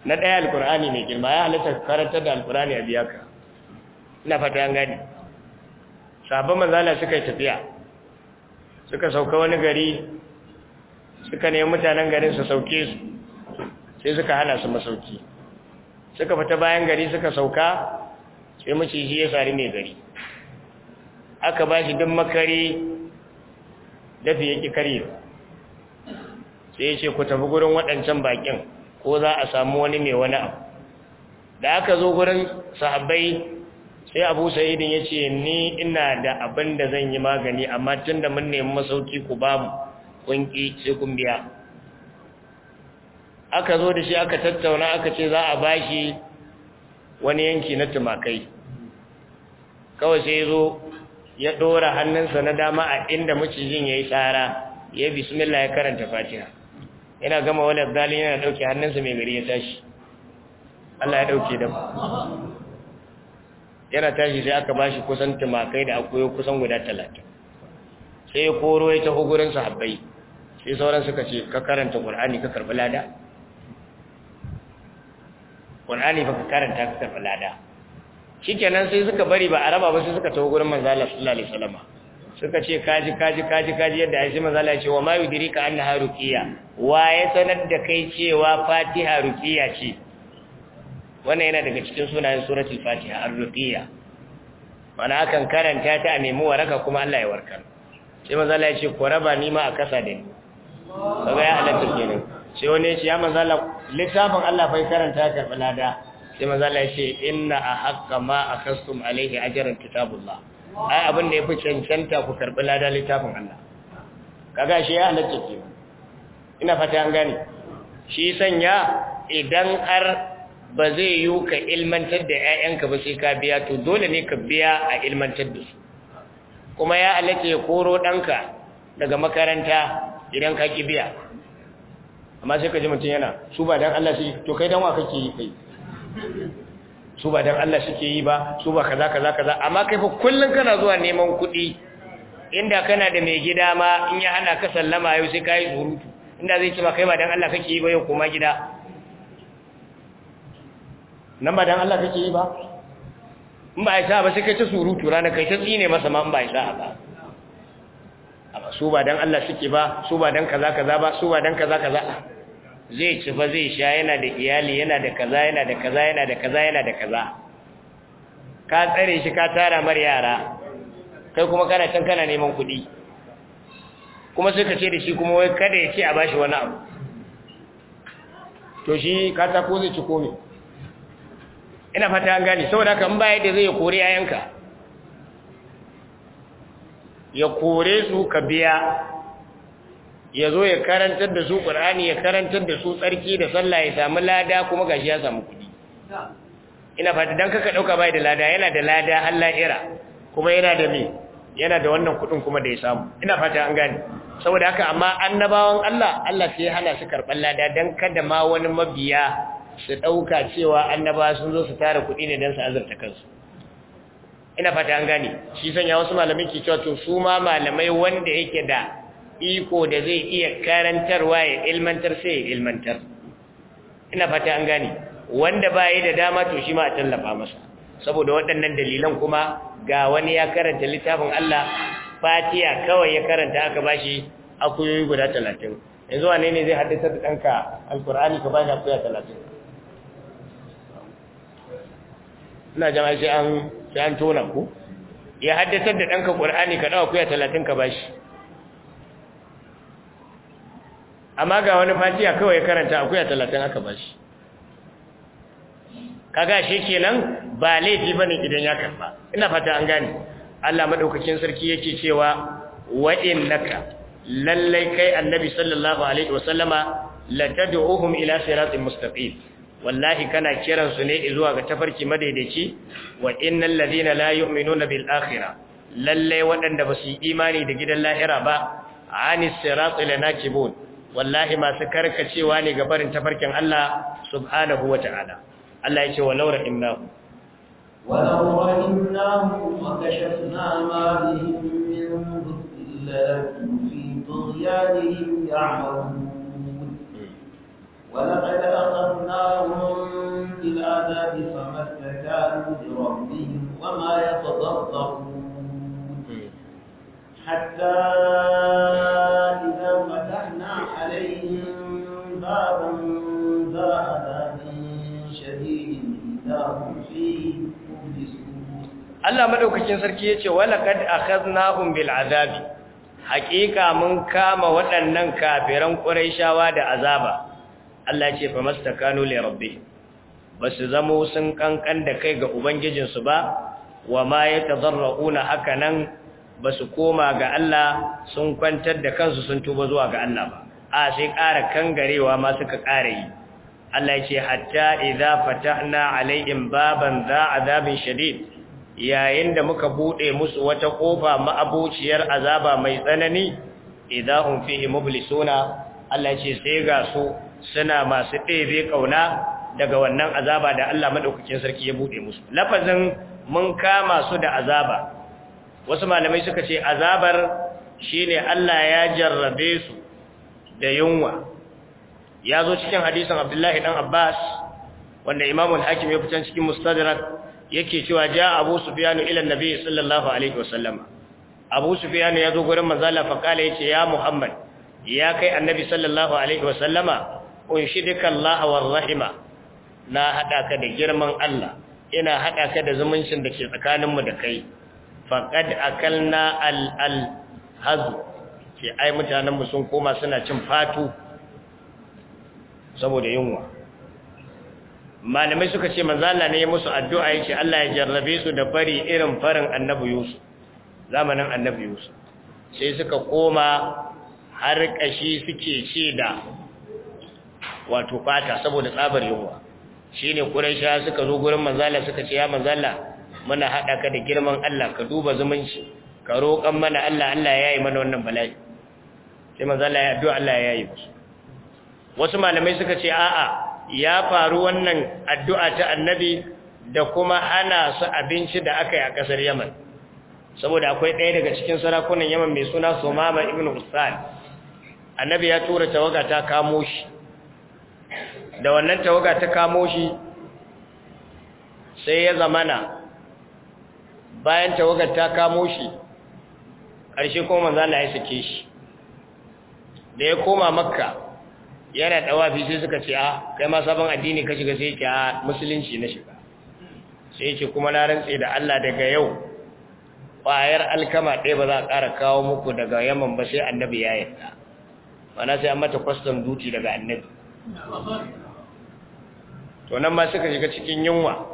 B: na ɗaya alkur'ani mai girma ya halitta karanta da alkur'ani a biyaka. ina fata an gani sabon manzala suka yi tafiya suka sauka wani gari suka nemi mutanen garin su sauke su sai suka hana su masauki suka fita bayan gari suka sauka sai maciji ya sari mai gari aka ba shi duk makari dafi yake karewa sai ya ce ku tafi gurin waɗancan bakin ko za a samu wani mai wani abu da aka zo gurin sahabbai sai abu sa'idin ya ce ni ina da abin da zan yi magani amma tun da mun nemi masauki ku ba mu kunki sai kun biya aka zo da shi aka tattauna aka ce za a bashi wani yanki na tumakai kawai sai zo ya ɗora hannunsa na dama a inda macijin ya yi tsara ya bismillah ya karanta fatiha yana gama wani zali yana dauke hannunsa mai gari ya tashi Allah ya dauke da yana tashi sai aka bashi kusan tumakai da akoyo kusan guda talatin sai ya koro ya taho gurin sahabbai sai sauran suka ce ka karanta qur'ani ka karbi lada qur'ani fa ka karanta ka karbi lada shikenan sai suka bari ba araba ba sai suka taho gurin manzo Allah sallallahu alaihi wasallam suka ce kaji kaji kaji kaji yadda aisha mazala ce wa ma yudrika annaha ruqiya wa ya sanar da kai cewa fatiha ruqiya ce wannan yana daga cikin sunayen suratul fatiha ar-ruqiya mana hakan karanta ta a nemi waraka kuma Allah ya warkar sai mazala ya ce ko raba ni ma a kasa da ni kaga ya halatta kenan sai wani ya ce ya mazala littafin Allah fa karanta karbalada sai mazala ya ce inna ahqqa ma akastum alaihi ajrun kitabullah ai abin da ya fi cancanta ku karɓi lada littafin Allah kaga shi ya halatta ke ina fata an gane shi sanya idan har ba zai yi ka ilmantar da 'ya'yanka ba sai ka biya to dole ne ka biya a ilmantar da su kuma ya halatta ya koro ɗanka daga makaranta idan ka ki biya amma sai ka ji mutum yana su ba don Allah sai to kai don wa kake yi kai su ba dan Allah suke yi ba su ba kaza kaza kaza amma kai fa kullun kana zuwa neman kuɗi inda kana da mai gida ma in ya hana ka sallama yau sai kai surutu inda zai ce ma kai ba dan Allah kake yi ba yau kuma gida nan ba dan Allah kake yi ba in ba sa ba sai kai ta surutu rana kai ta tsine masa ma in ba sa ba amma su ba dan Allah suke ba su ba dan kaza kaza ba su ba dan kaza kaza zai ci fa zai sha yana da iyali yana da kaza yana da kaza yana da kaza yana da kaza ka tsare shi ka tara mar yara kai kuma kana can kana neman kuɗi kuma sai ka ce da shi kuma wai kada ya ce a bashi wani abu to shi ka ta ko zai ci komai. ina fata an gane saboda in ba yadda zai kore yayanka ya kore su ka biya ya zo ya karantar da su ƙur'ani ya karantar da su tsarki da sallah ya samu lada kuma gashi ya samu kuɗi ina fata don kaka ɗauka bai da lada yana da lada Allah ira kuma yana da me yana da wannan kuɗin kuma da ya samu ina fata an gani saboda haka amma annabawan Allah Allah sai hana su karɓar lada don kada ma wani mabiya su ɗauka cewa annaba sun zo su tara kuɗi ne don su azurta kansu ina fata an gani shi sanya wasu malamai ke cewa to su ma malamai wanda yake da iko da zai iya karantarwa ya ilmantar sai ya ilmantar ina fata an gane wanda yi da dama to shi ma a tallafa masa saboda waɗannan dalilan kuma ga wani ya karanta littafin Allah Fatiya kawai ya karanta aka bashi akuyoyi guda talatin. yanzu wane ne zai haddasa da ɗanka Alƙur'ani ka bashi akuya talatin? ina jama'a sai an tona ku ya haddasa da ɗanka ƙur'ani ka dawo akuya talatin ka bashi amma ga wani fatiya kawai ya karanta akuya talatin aka bashi kaga shi kenan ba laifi bane idan ya karba ina fata an gane Allah maɗaukakin sarki yake cewa wa lallai kai annabi sallallahu alaihi wasallama latad'uhum ila siratin mustaqim wallahi kana kiran su ne zuwa ga tafarki madaidaici wa innal ladina la yu'minuna bil akhirah lallai waɗanda ba su yi imani da gidan lahira ba anis siratil nakibun wallahi masu karkacewa ne ga barin tafarkin Allah subhanahu wa ta'ala Allah ya ce wa laura innahu wa wa kashafna ma
A: bihim min fi ولقد أخذناهم بالعذاب فما استكانوا لربهم وما يتضرعون حتى
B: Allah madaukakin sarki yace walaqad akhadnahum bil azabi haqiqa mun kama waɗannan kafiran quraishawa da azaba Allah yace mastakanu li rabbi basu zamo sun kankan da kai ga ubangijin su ba wama haka hakanan basu koma ga Allah sun kwantar da kansu sun tuba zuwa ga Allah ba a sai ƙara kangarewa ma suka ƙara yi Allah yace hatta idza fatahna alaihim baban za azabin shadid yayin da muka bude musu wata kofa ma'abuciyar azaba mai tsanani idan hum fihi mublisuna Allah ce sai ga su suna masu ɗebe kauna daga wannan azaba da Allah madaukakin sarki ya bude musu lafazin mun kama su da azaba wasu malamai suka ce azabar shine Allah ya jarrabe su da yunwa ya zo cikin hadisin Abdullahi dan Abbas wanda Imam al-Hakim ya fitan cikin Mustadrak yake cewa ja abu sufyan ila nabi sallallahu alaihi wasallam abu sufyan ya zo gurin manzala fa kala yace ya muhammad ya kai annabi sallallahu alaihi wasallama unshidika allah war rahima na hada ka da girman Allah ina hada ka da zumuncin da ke tsakaninmu da kai faqad akalna al al haz ke ai mutanenmu sun koma suna cin fatu saboda yunwa malamai suka ce manzala ne ya musu addu'a ya ce Allah ya jarrabe su da fari irin farin annabi Yusuf zamanin annabi Yusuf sai suka koma har kashi suke ce da wato fata saboda tsabar yunwa shine Quraisha suka zo gurin manzala suka ce ya manzala muna hada ka da girman Allah ka duba zumunci ka roƙan mana Allah Allah ya yi mana wannan bala'i sai manzala ya addu'a Allah ya yi musu wasu malamai suka ce a'a ya faru wannan addu'a ta annabi da kuma ana su abinci da aka yi a ƙasar yaman saboda akwai ɗaya daga cikin sarakunan yaman mai suna somama ibn usman annabi ya tura tawaga ta kamo shi da wannan tawaga ta kamo shi sai ya zamana bayan tawagar ta kamo shi ƙarshe kuma manzana ya sake shi da ya koma makka yana dawafi sai suka ce a ah, kai ma sabon addini ka shiga sai ke a ah, musulunci na shiga sai ke kuma na rantse da Allah daga yau bayar alkama ɗaya ba za a ƙara kawo muku daga yamman ba sai annabi ya yadda, mana sai an mata kwastan duti daga annabi to nan ma suka shiga cikin yunwa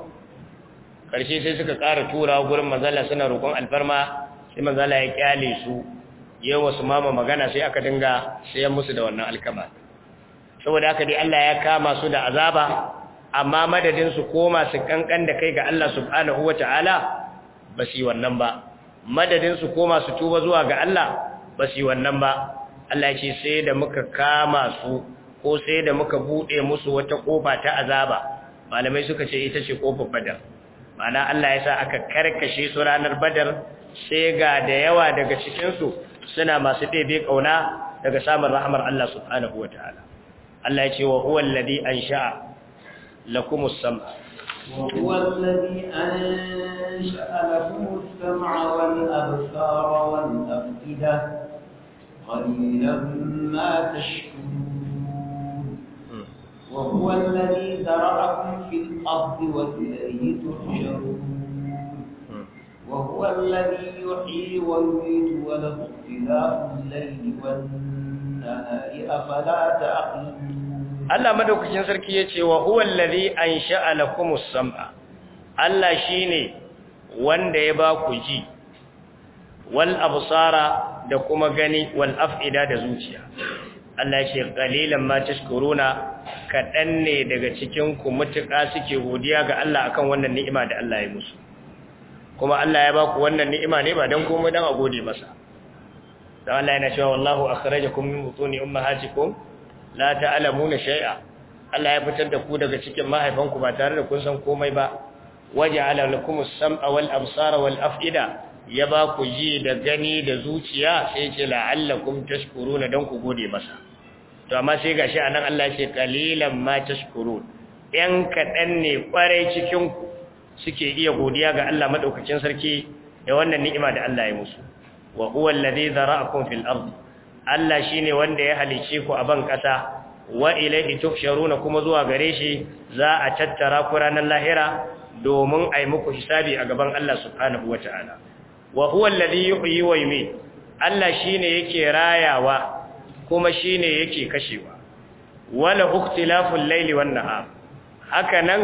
B: ƙarshe sai suka ƙara tura gurin manzala suna roƙon alfarma sai manzala ya kyale su yau wasu mama magana sai aka dinga sayan musu da wannan alkama saboda haka dai Allah ya kama su da azaba amma madadin su koma su kankan da kai ga Allah subhanahu wataala ba su yi wannan ba madadin su koma su tuba zuwa ga Allah ba su yi wannan ba Allah ce sai da muka kama su ko sai da muka bude musu wata kofa ta azaba malamai suka ce ita ce kofar badar Mana Allah ya sa aka karkashe su ranar badar sai ga da yawa daga cikinsu suna masu ɗebe ƙauna daga samun rahmar Allah subhanahu wa ta'ala Allah ya وهو الذي أنشأ لكم السمع وهو
A: الذي أنشأ لكم السمع والأبصار والأفئدة قليلا ما تشكرون وهو الذي ذرعكم في الأرض وإليه تحشرون وهو الذي يحيي ويميت وله اختلاف الليل والنهار Allah madaukakin
B: sarki ya ce wa huwa allazi ansha'a lakumus sam'a Allah shine wanda ya ba ku ji wal absara da kuma gani wal af'ida da zuciya Allah ya ce qalilan ma tashkuruna kadan ne daga cikin ku mutuka suke godiya ga Allah akan wannan ni'ima da Allah ya musu kuma Allah ya ba ku wannan ni'ima ne ba dan komai dan a gode masa dan Allah yana cewa wallahu akhrajakum min butuni ummahatikum la ta'lamuna shay'a Allah ya fitar da ku daga cikin mahaifanku ba tare da kun san komai ba waja'ala lakum as-sam'a wal absara wal af'ida ya ba ku ji da gani da zuciya sai ce la'allakum tashkuruna dan ku gode masa to amma sai gashi anan Allah ya ce qalilan ma tashkurun yan kadan ne kwarai cikin suke iya godiya ga Allah madaukakin sarki da wannan ni'ima da Allah ya musu wa huwa alladhi zara'akum fil ard Allah shine wanda ya halice ku a ban kasa wa ilayhi tuhsharuna kuma zuwa gare shi za a tattara ku ranar lahira domin ai muku hisabi a gaban Allah subhanahu wataala wa huwa alladhi yuhyi wa yumiit Allah shine yake rayawa kuma shine yake kashewa wala ikhtilaful layli wan nahar haka nan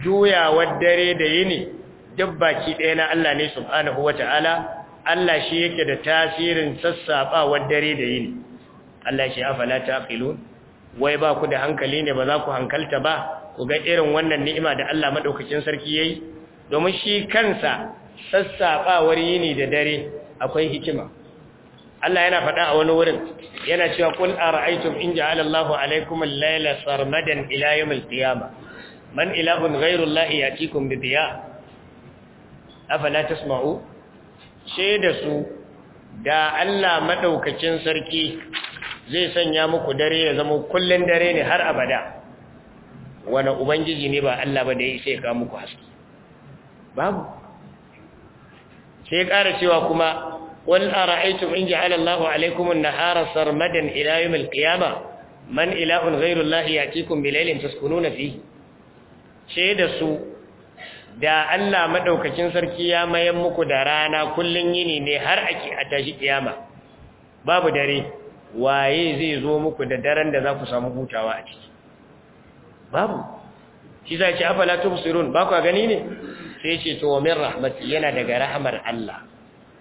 B: juyawar dare da yini duk baki ɗaya na Allah ne subhanahu wataala Allah shi yake da tasirin sassafawar dare da yini Allah shi afala taqilun wai ba ku da hankali ne ba za ku hankalta ba ku ga irin wannan ni'ima da Allah madaukakin sarki yayi domin shi kansa sassafawar yini da dare akwai hikima Allah yana faɗa a wani wurin yana cewa qul ara'aytum in ja'ala Allahu alaykum al-layla sarmadan ila yawm al-qiyamah man ilahun ghayru Allah yatikum bi diya afala tasma'u she da su da Allah maɗaukacin sarki zai sanya muku dare ya zama kullun dare ne har abada wani ubangiji ne ba Allah ba da ya isa ya kawo muku haske babu sai ƙara cewa kuma wal ara'aytum in ja'ala Allahu alaykum an-nahara sarmadan ila yawm al-qiyamah man ilahun ghayru Allah yatiikum bi tasqununa fihi sai da su da Allah madaukakin sarki ya mayan muku da rana kullun yini ne har ake a tashi kiyama babu dare waye zai zo muku da daren da za ku samu hutawa a ciki babu shi za ce afala tubsirun ba ku gani ne sai ce to min rahmati yana daga rahmar Allah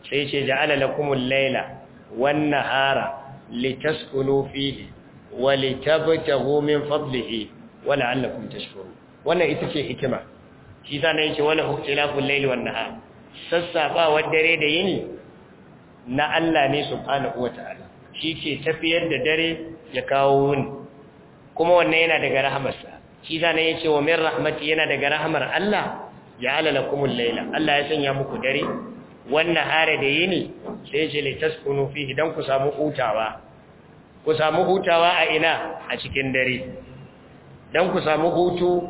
B: sai ce ja'ala lakumul laila wan nahara litaskunu fihi wa litabtaghu min fadlihi wa la'allakum tashkurun wannan ita ce hikima shi sa na yace wala ikhtilaful layli wan nahar sassafawar dare da yini na Allah ne subhanahu wataala shi ke tafiyar da dare ya kawo wuni kuma wannan yana daga rahamarsa shi sa na ce wa min rahamati yana daga rahamar Allah Ya alala lakumul layla Allah ya sanya muku dare wannan hare da yini sai ce litaskunu fihi dan ku samu hutawa ku samu hutawa a ina a cikin dare dan ku samu hutu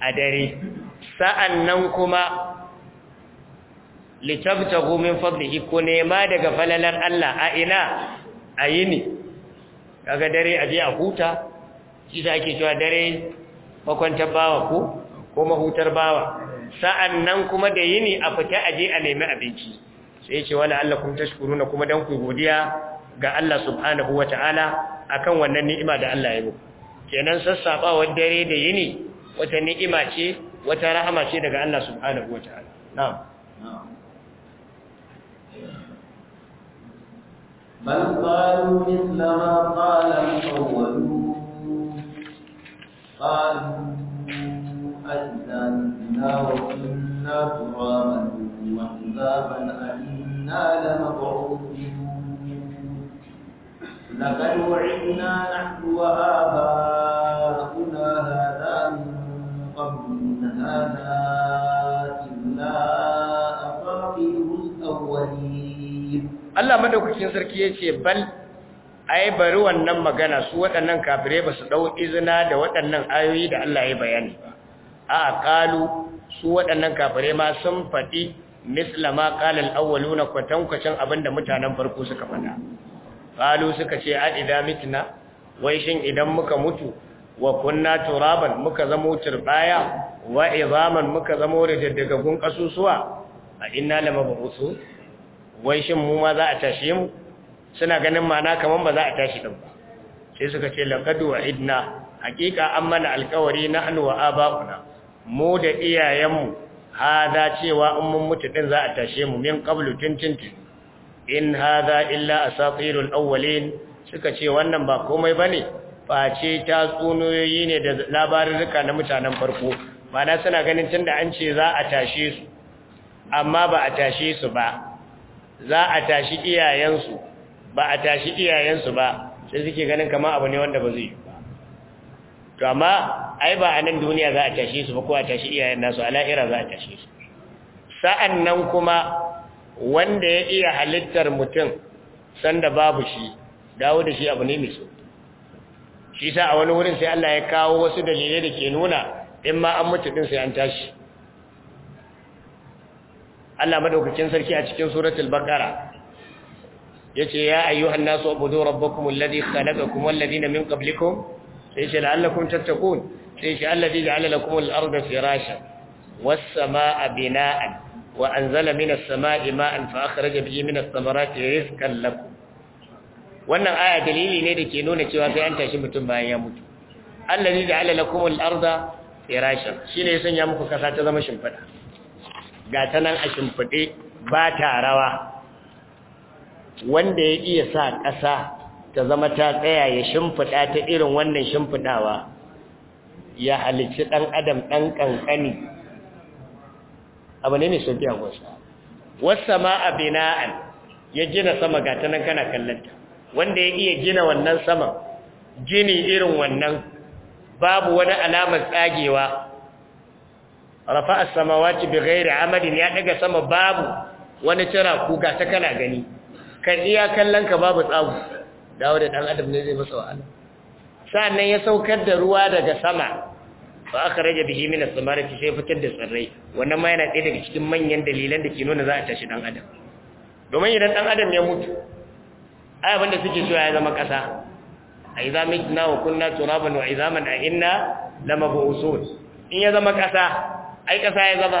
B: a dare sa'annan kuma gomin min fadlihi ku nema daga falalar Allah a ina a yini kaga dare a je a huta shi da ake cewa dare makwantar bawa ko ko mahutar bawa Sa'an nan kuma da yini a fita a je a nemi abinci sai ce wani Allah wala allakum na kuma dan ku godiya ga Allah subhanahu a kan wannan ni'ima da Allah ya yi kenan sassabawar dare da yini wata ni'ima ce wata rahama ce daga Allah subhanahu wa ta'ala na'am
A: bal qalu mithla ma qala al-awwalun qalu ajdan na wa inna turaman wa allah
B: إلا madaukakin sarki yace bal ai bari wannan magana su waɗannan kafirai ba su dau izina da waɗannan ayoyi da Allah ya bayani a qalu su waɗannan kafirai ma sun faɗi misla ma qala al-awwaluna kwatankwacin abinda mutanen farko suka faɗa qalu suka ce a idza mitna wai shin idan muka mutu wa kunna turaban muka zamo baya. wa izaman muka zamo da daddagagun kasusuwa a inna lama babusu wai shin mu ma za a tashe mu suna ganin mana kaman ba za a tashi din ba sai suka ce laqad wa'idna hakika an mana alkawari nahnu wa abauna mu da iyayenmu hada cewa in mun mutu din za a tashe mu min qablu tintinti in hada illa asatirul awwalin suka ce wannan ba komai bane face ta tsunoyoyi ne da labarin na mutanen farko mana suna ganin tunda an ce za a tashe su amma ba a tashe su ba za a tashi iyayensu ba a tashi iyayensu ba sai suke ganin kama abu ne wanda ba zai yi ba to amma ai ba a nan duniya za a tashe su ba ko a tashi iyayen nasu a la'ira za a tashe su sa'an nan kuma wanda ya iya halittar mutum sanda babu shi dawo da shi abu ne mai so shi sa a wani wurin sai Allah ya kawo wasu dalilai da ke nuna in ma an mutu din sai an tashi Allah madaukakin sarki a cikin suratul baqara yace ya ayyuhan nasu ubudu rabbakum alladhi khalaqakum wal ladina min qablikum sai ce la'allakum tattaqun sai ce alladhi ja'ala lakum al-arda firashan was samaa bina'an wa anzala minas samaa'i ma'an fa akhraja bihi minas thamarati rizqan lakum wannan aya dalili ne da ke nuna cewa sai an tashi mutum bayan ya mutu alladhi ja'ala lakum al-arda irashin shi ya sanya muku kasa ta zama shimfiɗa ga ta nan a shimfiɗe ba ta rawa wanda ya iya sa ƙasa ta zama ta tsaya ya shimfiɗa ta irin wannan shimfiɗawa ya halicci ɗan adam ɗan ƙanƙani abu ne ne sauƙi a gwasa wasu ma a bina'an ya gina sama ga ta nan kana kallonta wanda ya iya gina wannan saman gini irin wannan babu wani alamar tsagewa rafa as-samawati bighairi amadin ya daga sama babu wani cira kuka ta kana gani kan iya kallon ka babu tsago dawo da dan adam ne zai masa wa'ala sannan ya saukar da ruwa daga sama fa aka rage bihi min as-samarati sai fitar da tsirrai wannan ma yana ɗaya daga cikin manyan dalilan da ke nuna za a tashi dan adam domin idan dan adam ya mutu ai abin da suke so ya zama ƙasa idza mitna wa kunna turaban wa izaman a inna lamabu'usun in ya zama kasa ai kasa ya zama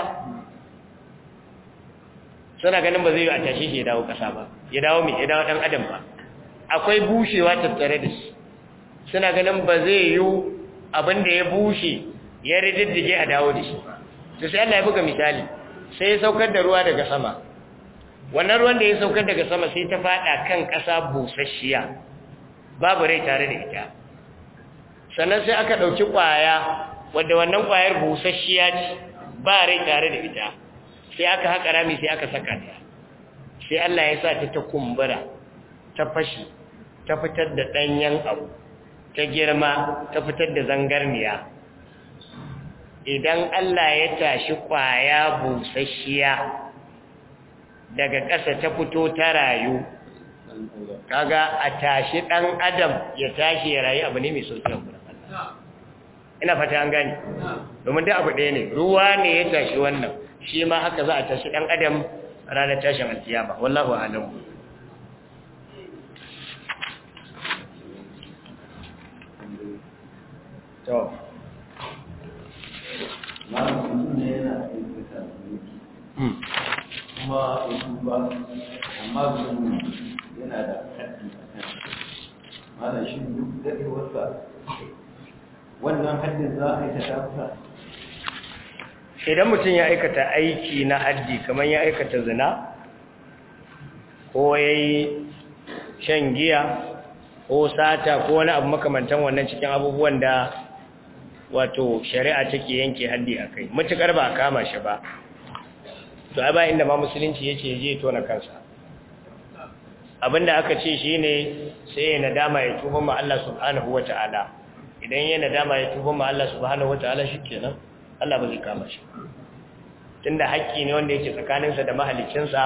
B: suna ganin ba zai yi a tashi shi ya dawo kasa ba ya dawo mai ya dawo dan adam ba akwai bushewa tattare da shi suna ganin ba zai yi abin da ya bushe ya rididdige a dawo da shi to sai Allah ya buga misali sai ya saukar da ruwa daga sama wannan ruwan da ya saukar daga sama sai ta fada kan kasa busasshiya babu rai tare da ita sannan sai aka ɗauki ƙwaya wadda wannan ƙwayar busasshiya ce ba rai tare da ita sai aka haƙa rami sai aka saka ta sai Allah ya sa ta ta kumbura ta fashi ta fitar da ɗanyen abu ta girma ta fitar da zangarniya idan Allah ya tashi ƙwaya busasshiya daga ƙasa ta fito ta rayu kaga a tashi ɗan adam ya tashi ya rayu abu ne mai sauki a ina fata an gani domin da abu ɗaya ne ruwa ne ya tashi wannan shi ma haka za a tashi ɗan adam ranar tashin alkiyama wallahu a'lam hmm.
A: Hmm. kuma amma yana da
B: idan mutum ya aikata aiki na haddi kamar ya aikata zina ko ya yi shan giya ko sata ko wani abu makamantan wannan cikin abubuwan da wato shari'a take yanke haddi a kai matuƙar ba a kama shi ba to ai ba inda ma musulunci ya ya je tona kansa abinda aka ce shine sai ya nadama ya tuba ma Allah subhanahu wataala idan ya nadama ya tuba ma Allah subhanahu wataala shikenan Allah ba zai kama shi tunda haƙƙi ne wanda yake tsakaninsa da mahaliccinsa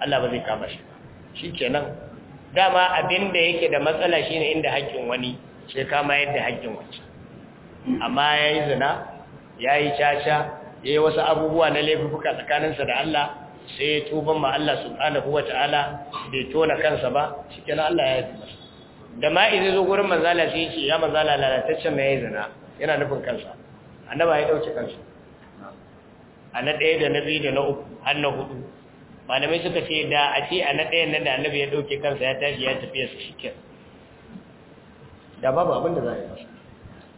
B: Allah ba zai kama shi shikenan dama abinda yake da matsala shine inda haƙƙin wani sai kama yadda haƙƙin wani amma yayi zina yayi caca yayi wasu abubuwa na laifuka tsakaninsa da Allah sai ya tuban ma Allah subhanahu Ta'ala bai tona kansa ba shikenan Allah ya yi masa da ma idan zo gurin manzala sai ya ce ya manzala lalataccen mai yayi zina yana nufin kansa annaba ya dauke kansa a na ɗaya da na biyu da na uku har na hudu malamai suka ce da a ce a na ɗaya nan da annabi ya dauke kansa ya tafi ya tafi ya shikenan da babu abin da za a yi masa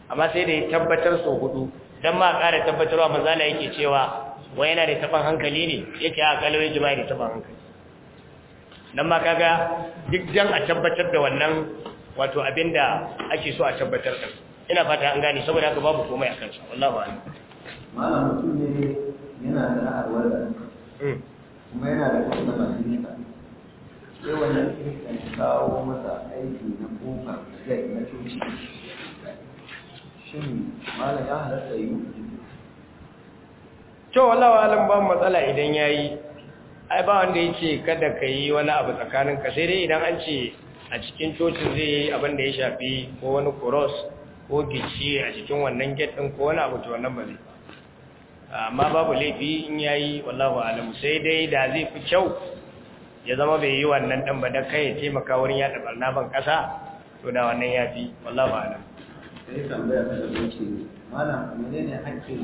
B: amma sai da ya tabbatar sau hudu don ma ƙara tabbatarwa manzala yake cewa wai yana da taban hankali ne yake a kalawai jima'i da taban hankali nan ma kaga duk jan a tabbatar da wannan wato abinda ake so a tabbatar din ina fata an gane saboda haka babu komai a kansa wallahi ba malam
A: mutum ne yana da na'arwar da hmm. kuma yana da kuma masu nisa sai wannan da kawo masa aiki na kofar gari na coci shin malam ya halatta yi
B: to wallahi alam ba matsala idan yayi ai ba wanda yake kada ka yi wani abu tsakanin ka sai dai idan an ce a cikin cocin zai yi abin da ya shafi ko wani cross ko gici a cikin wannan gate din ko wani abu to wannan ba zai amma babu laifi in yayi wallahi alam sai dai da zai fi kyau ya zama bai yi wannan dan ba da kai ya taimaka wurin ya da barna ban kasa to da wannan yafi wallahi alam sai tambaya ta da
A: malam menene hakkin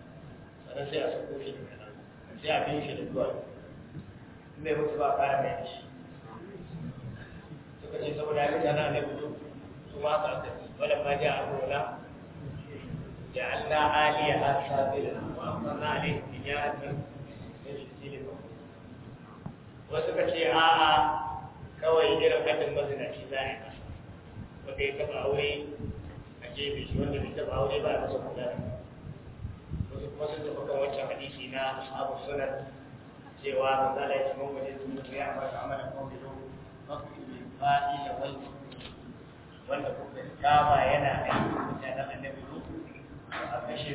A: sannan sai a sako shi daga nan sai a bin shi da duwa mai mutu ba kaya mai shi suka ce saboda ya mutane ne mutu su ma ka ta wala ma ja abuna ja'alna aliyaha sabila wa amsana alayhi tijaratan min sijil
B: wasu suka ce a'a kawai irin hadin mazinaci za a yi masa wanda ya taba aure a jefe shi wanda bai taba aure ba a masa kula
A: wasu da kuka wacce hadisi na ashabu sunan cewa manzala ya ce mun waje sun mutu ya amara amalan mafi min fa'ila wal wanda kuka kama yana aiki mutanen annabi a kashe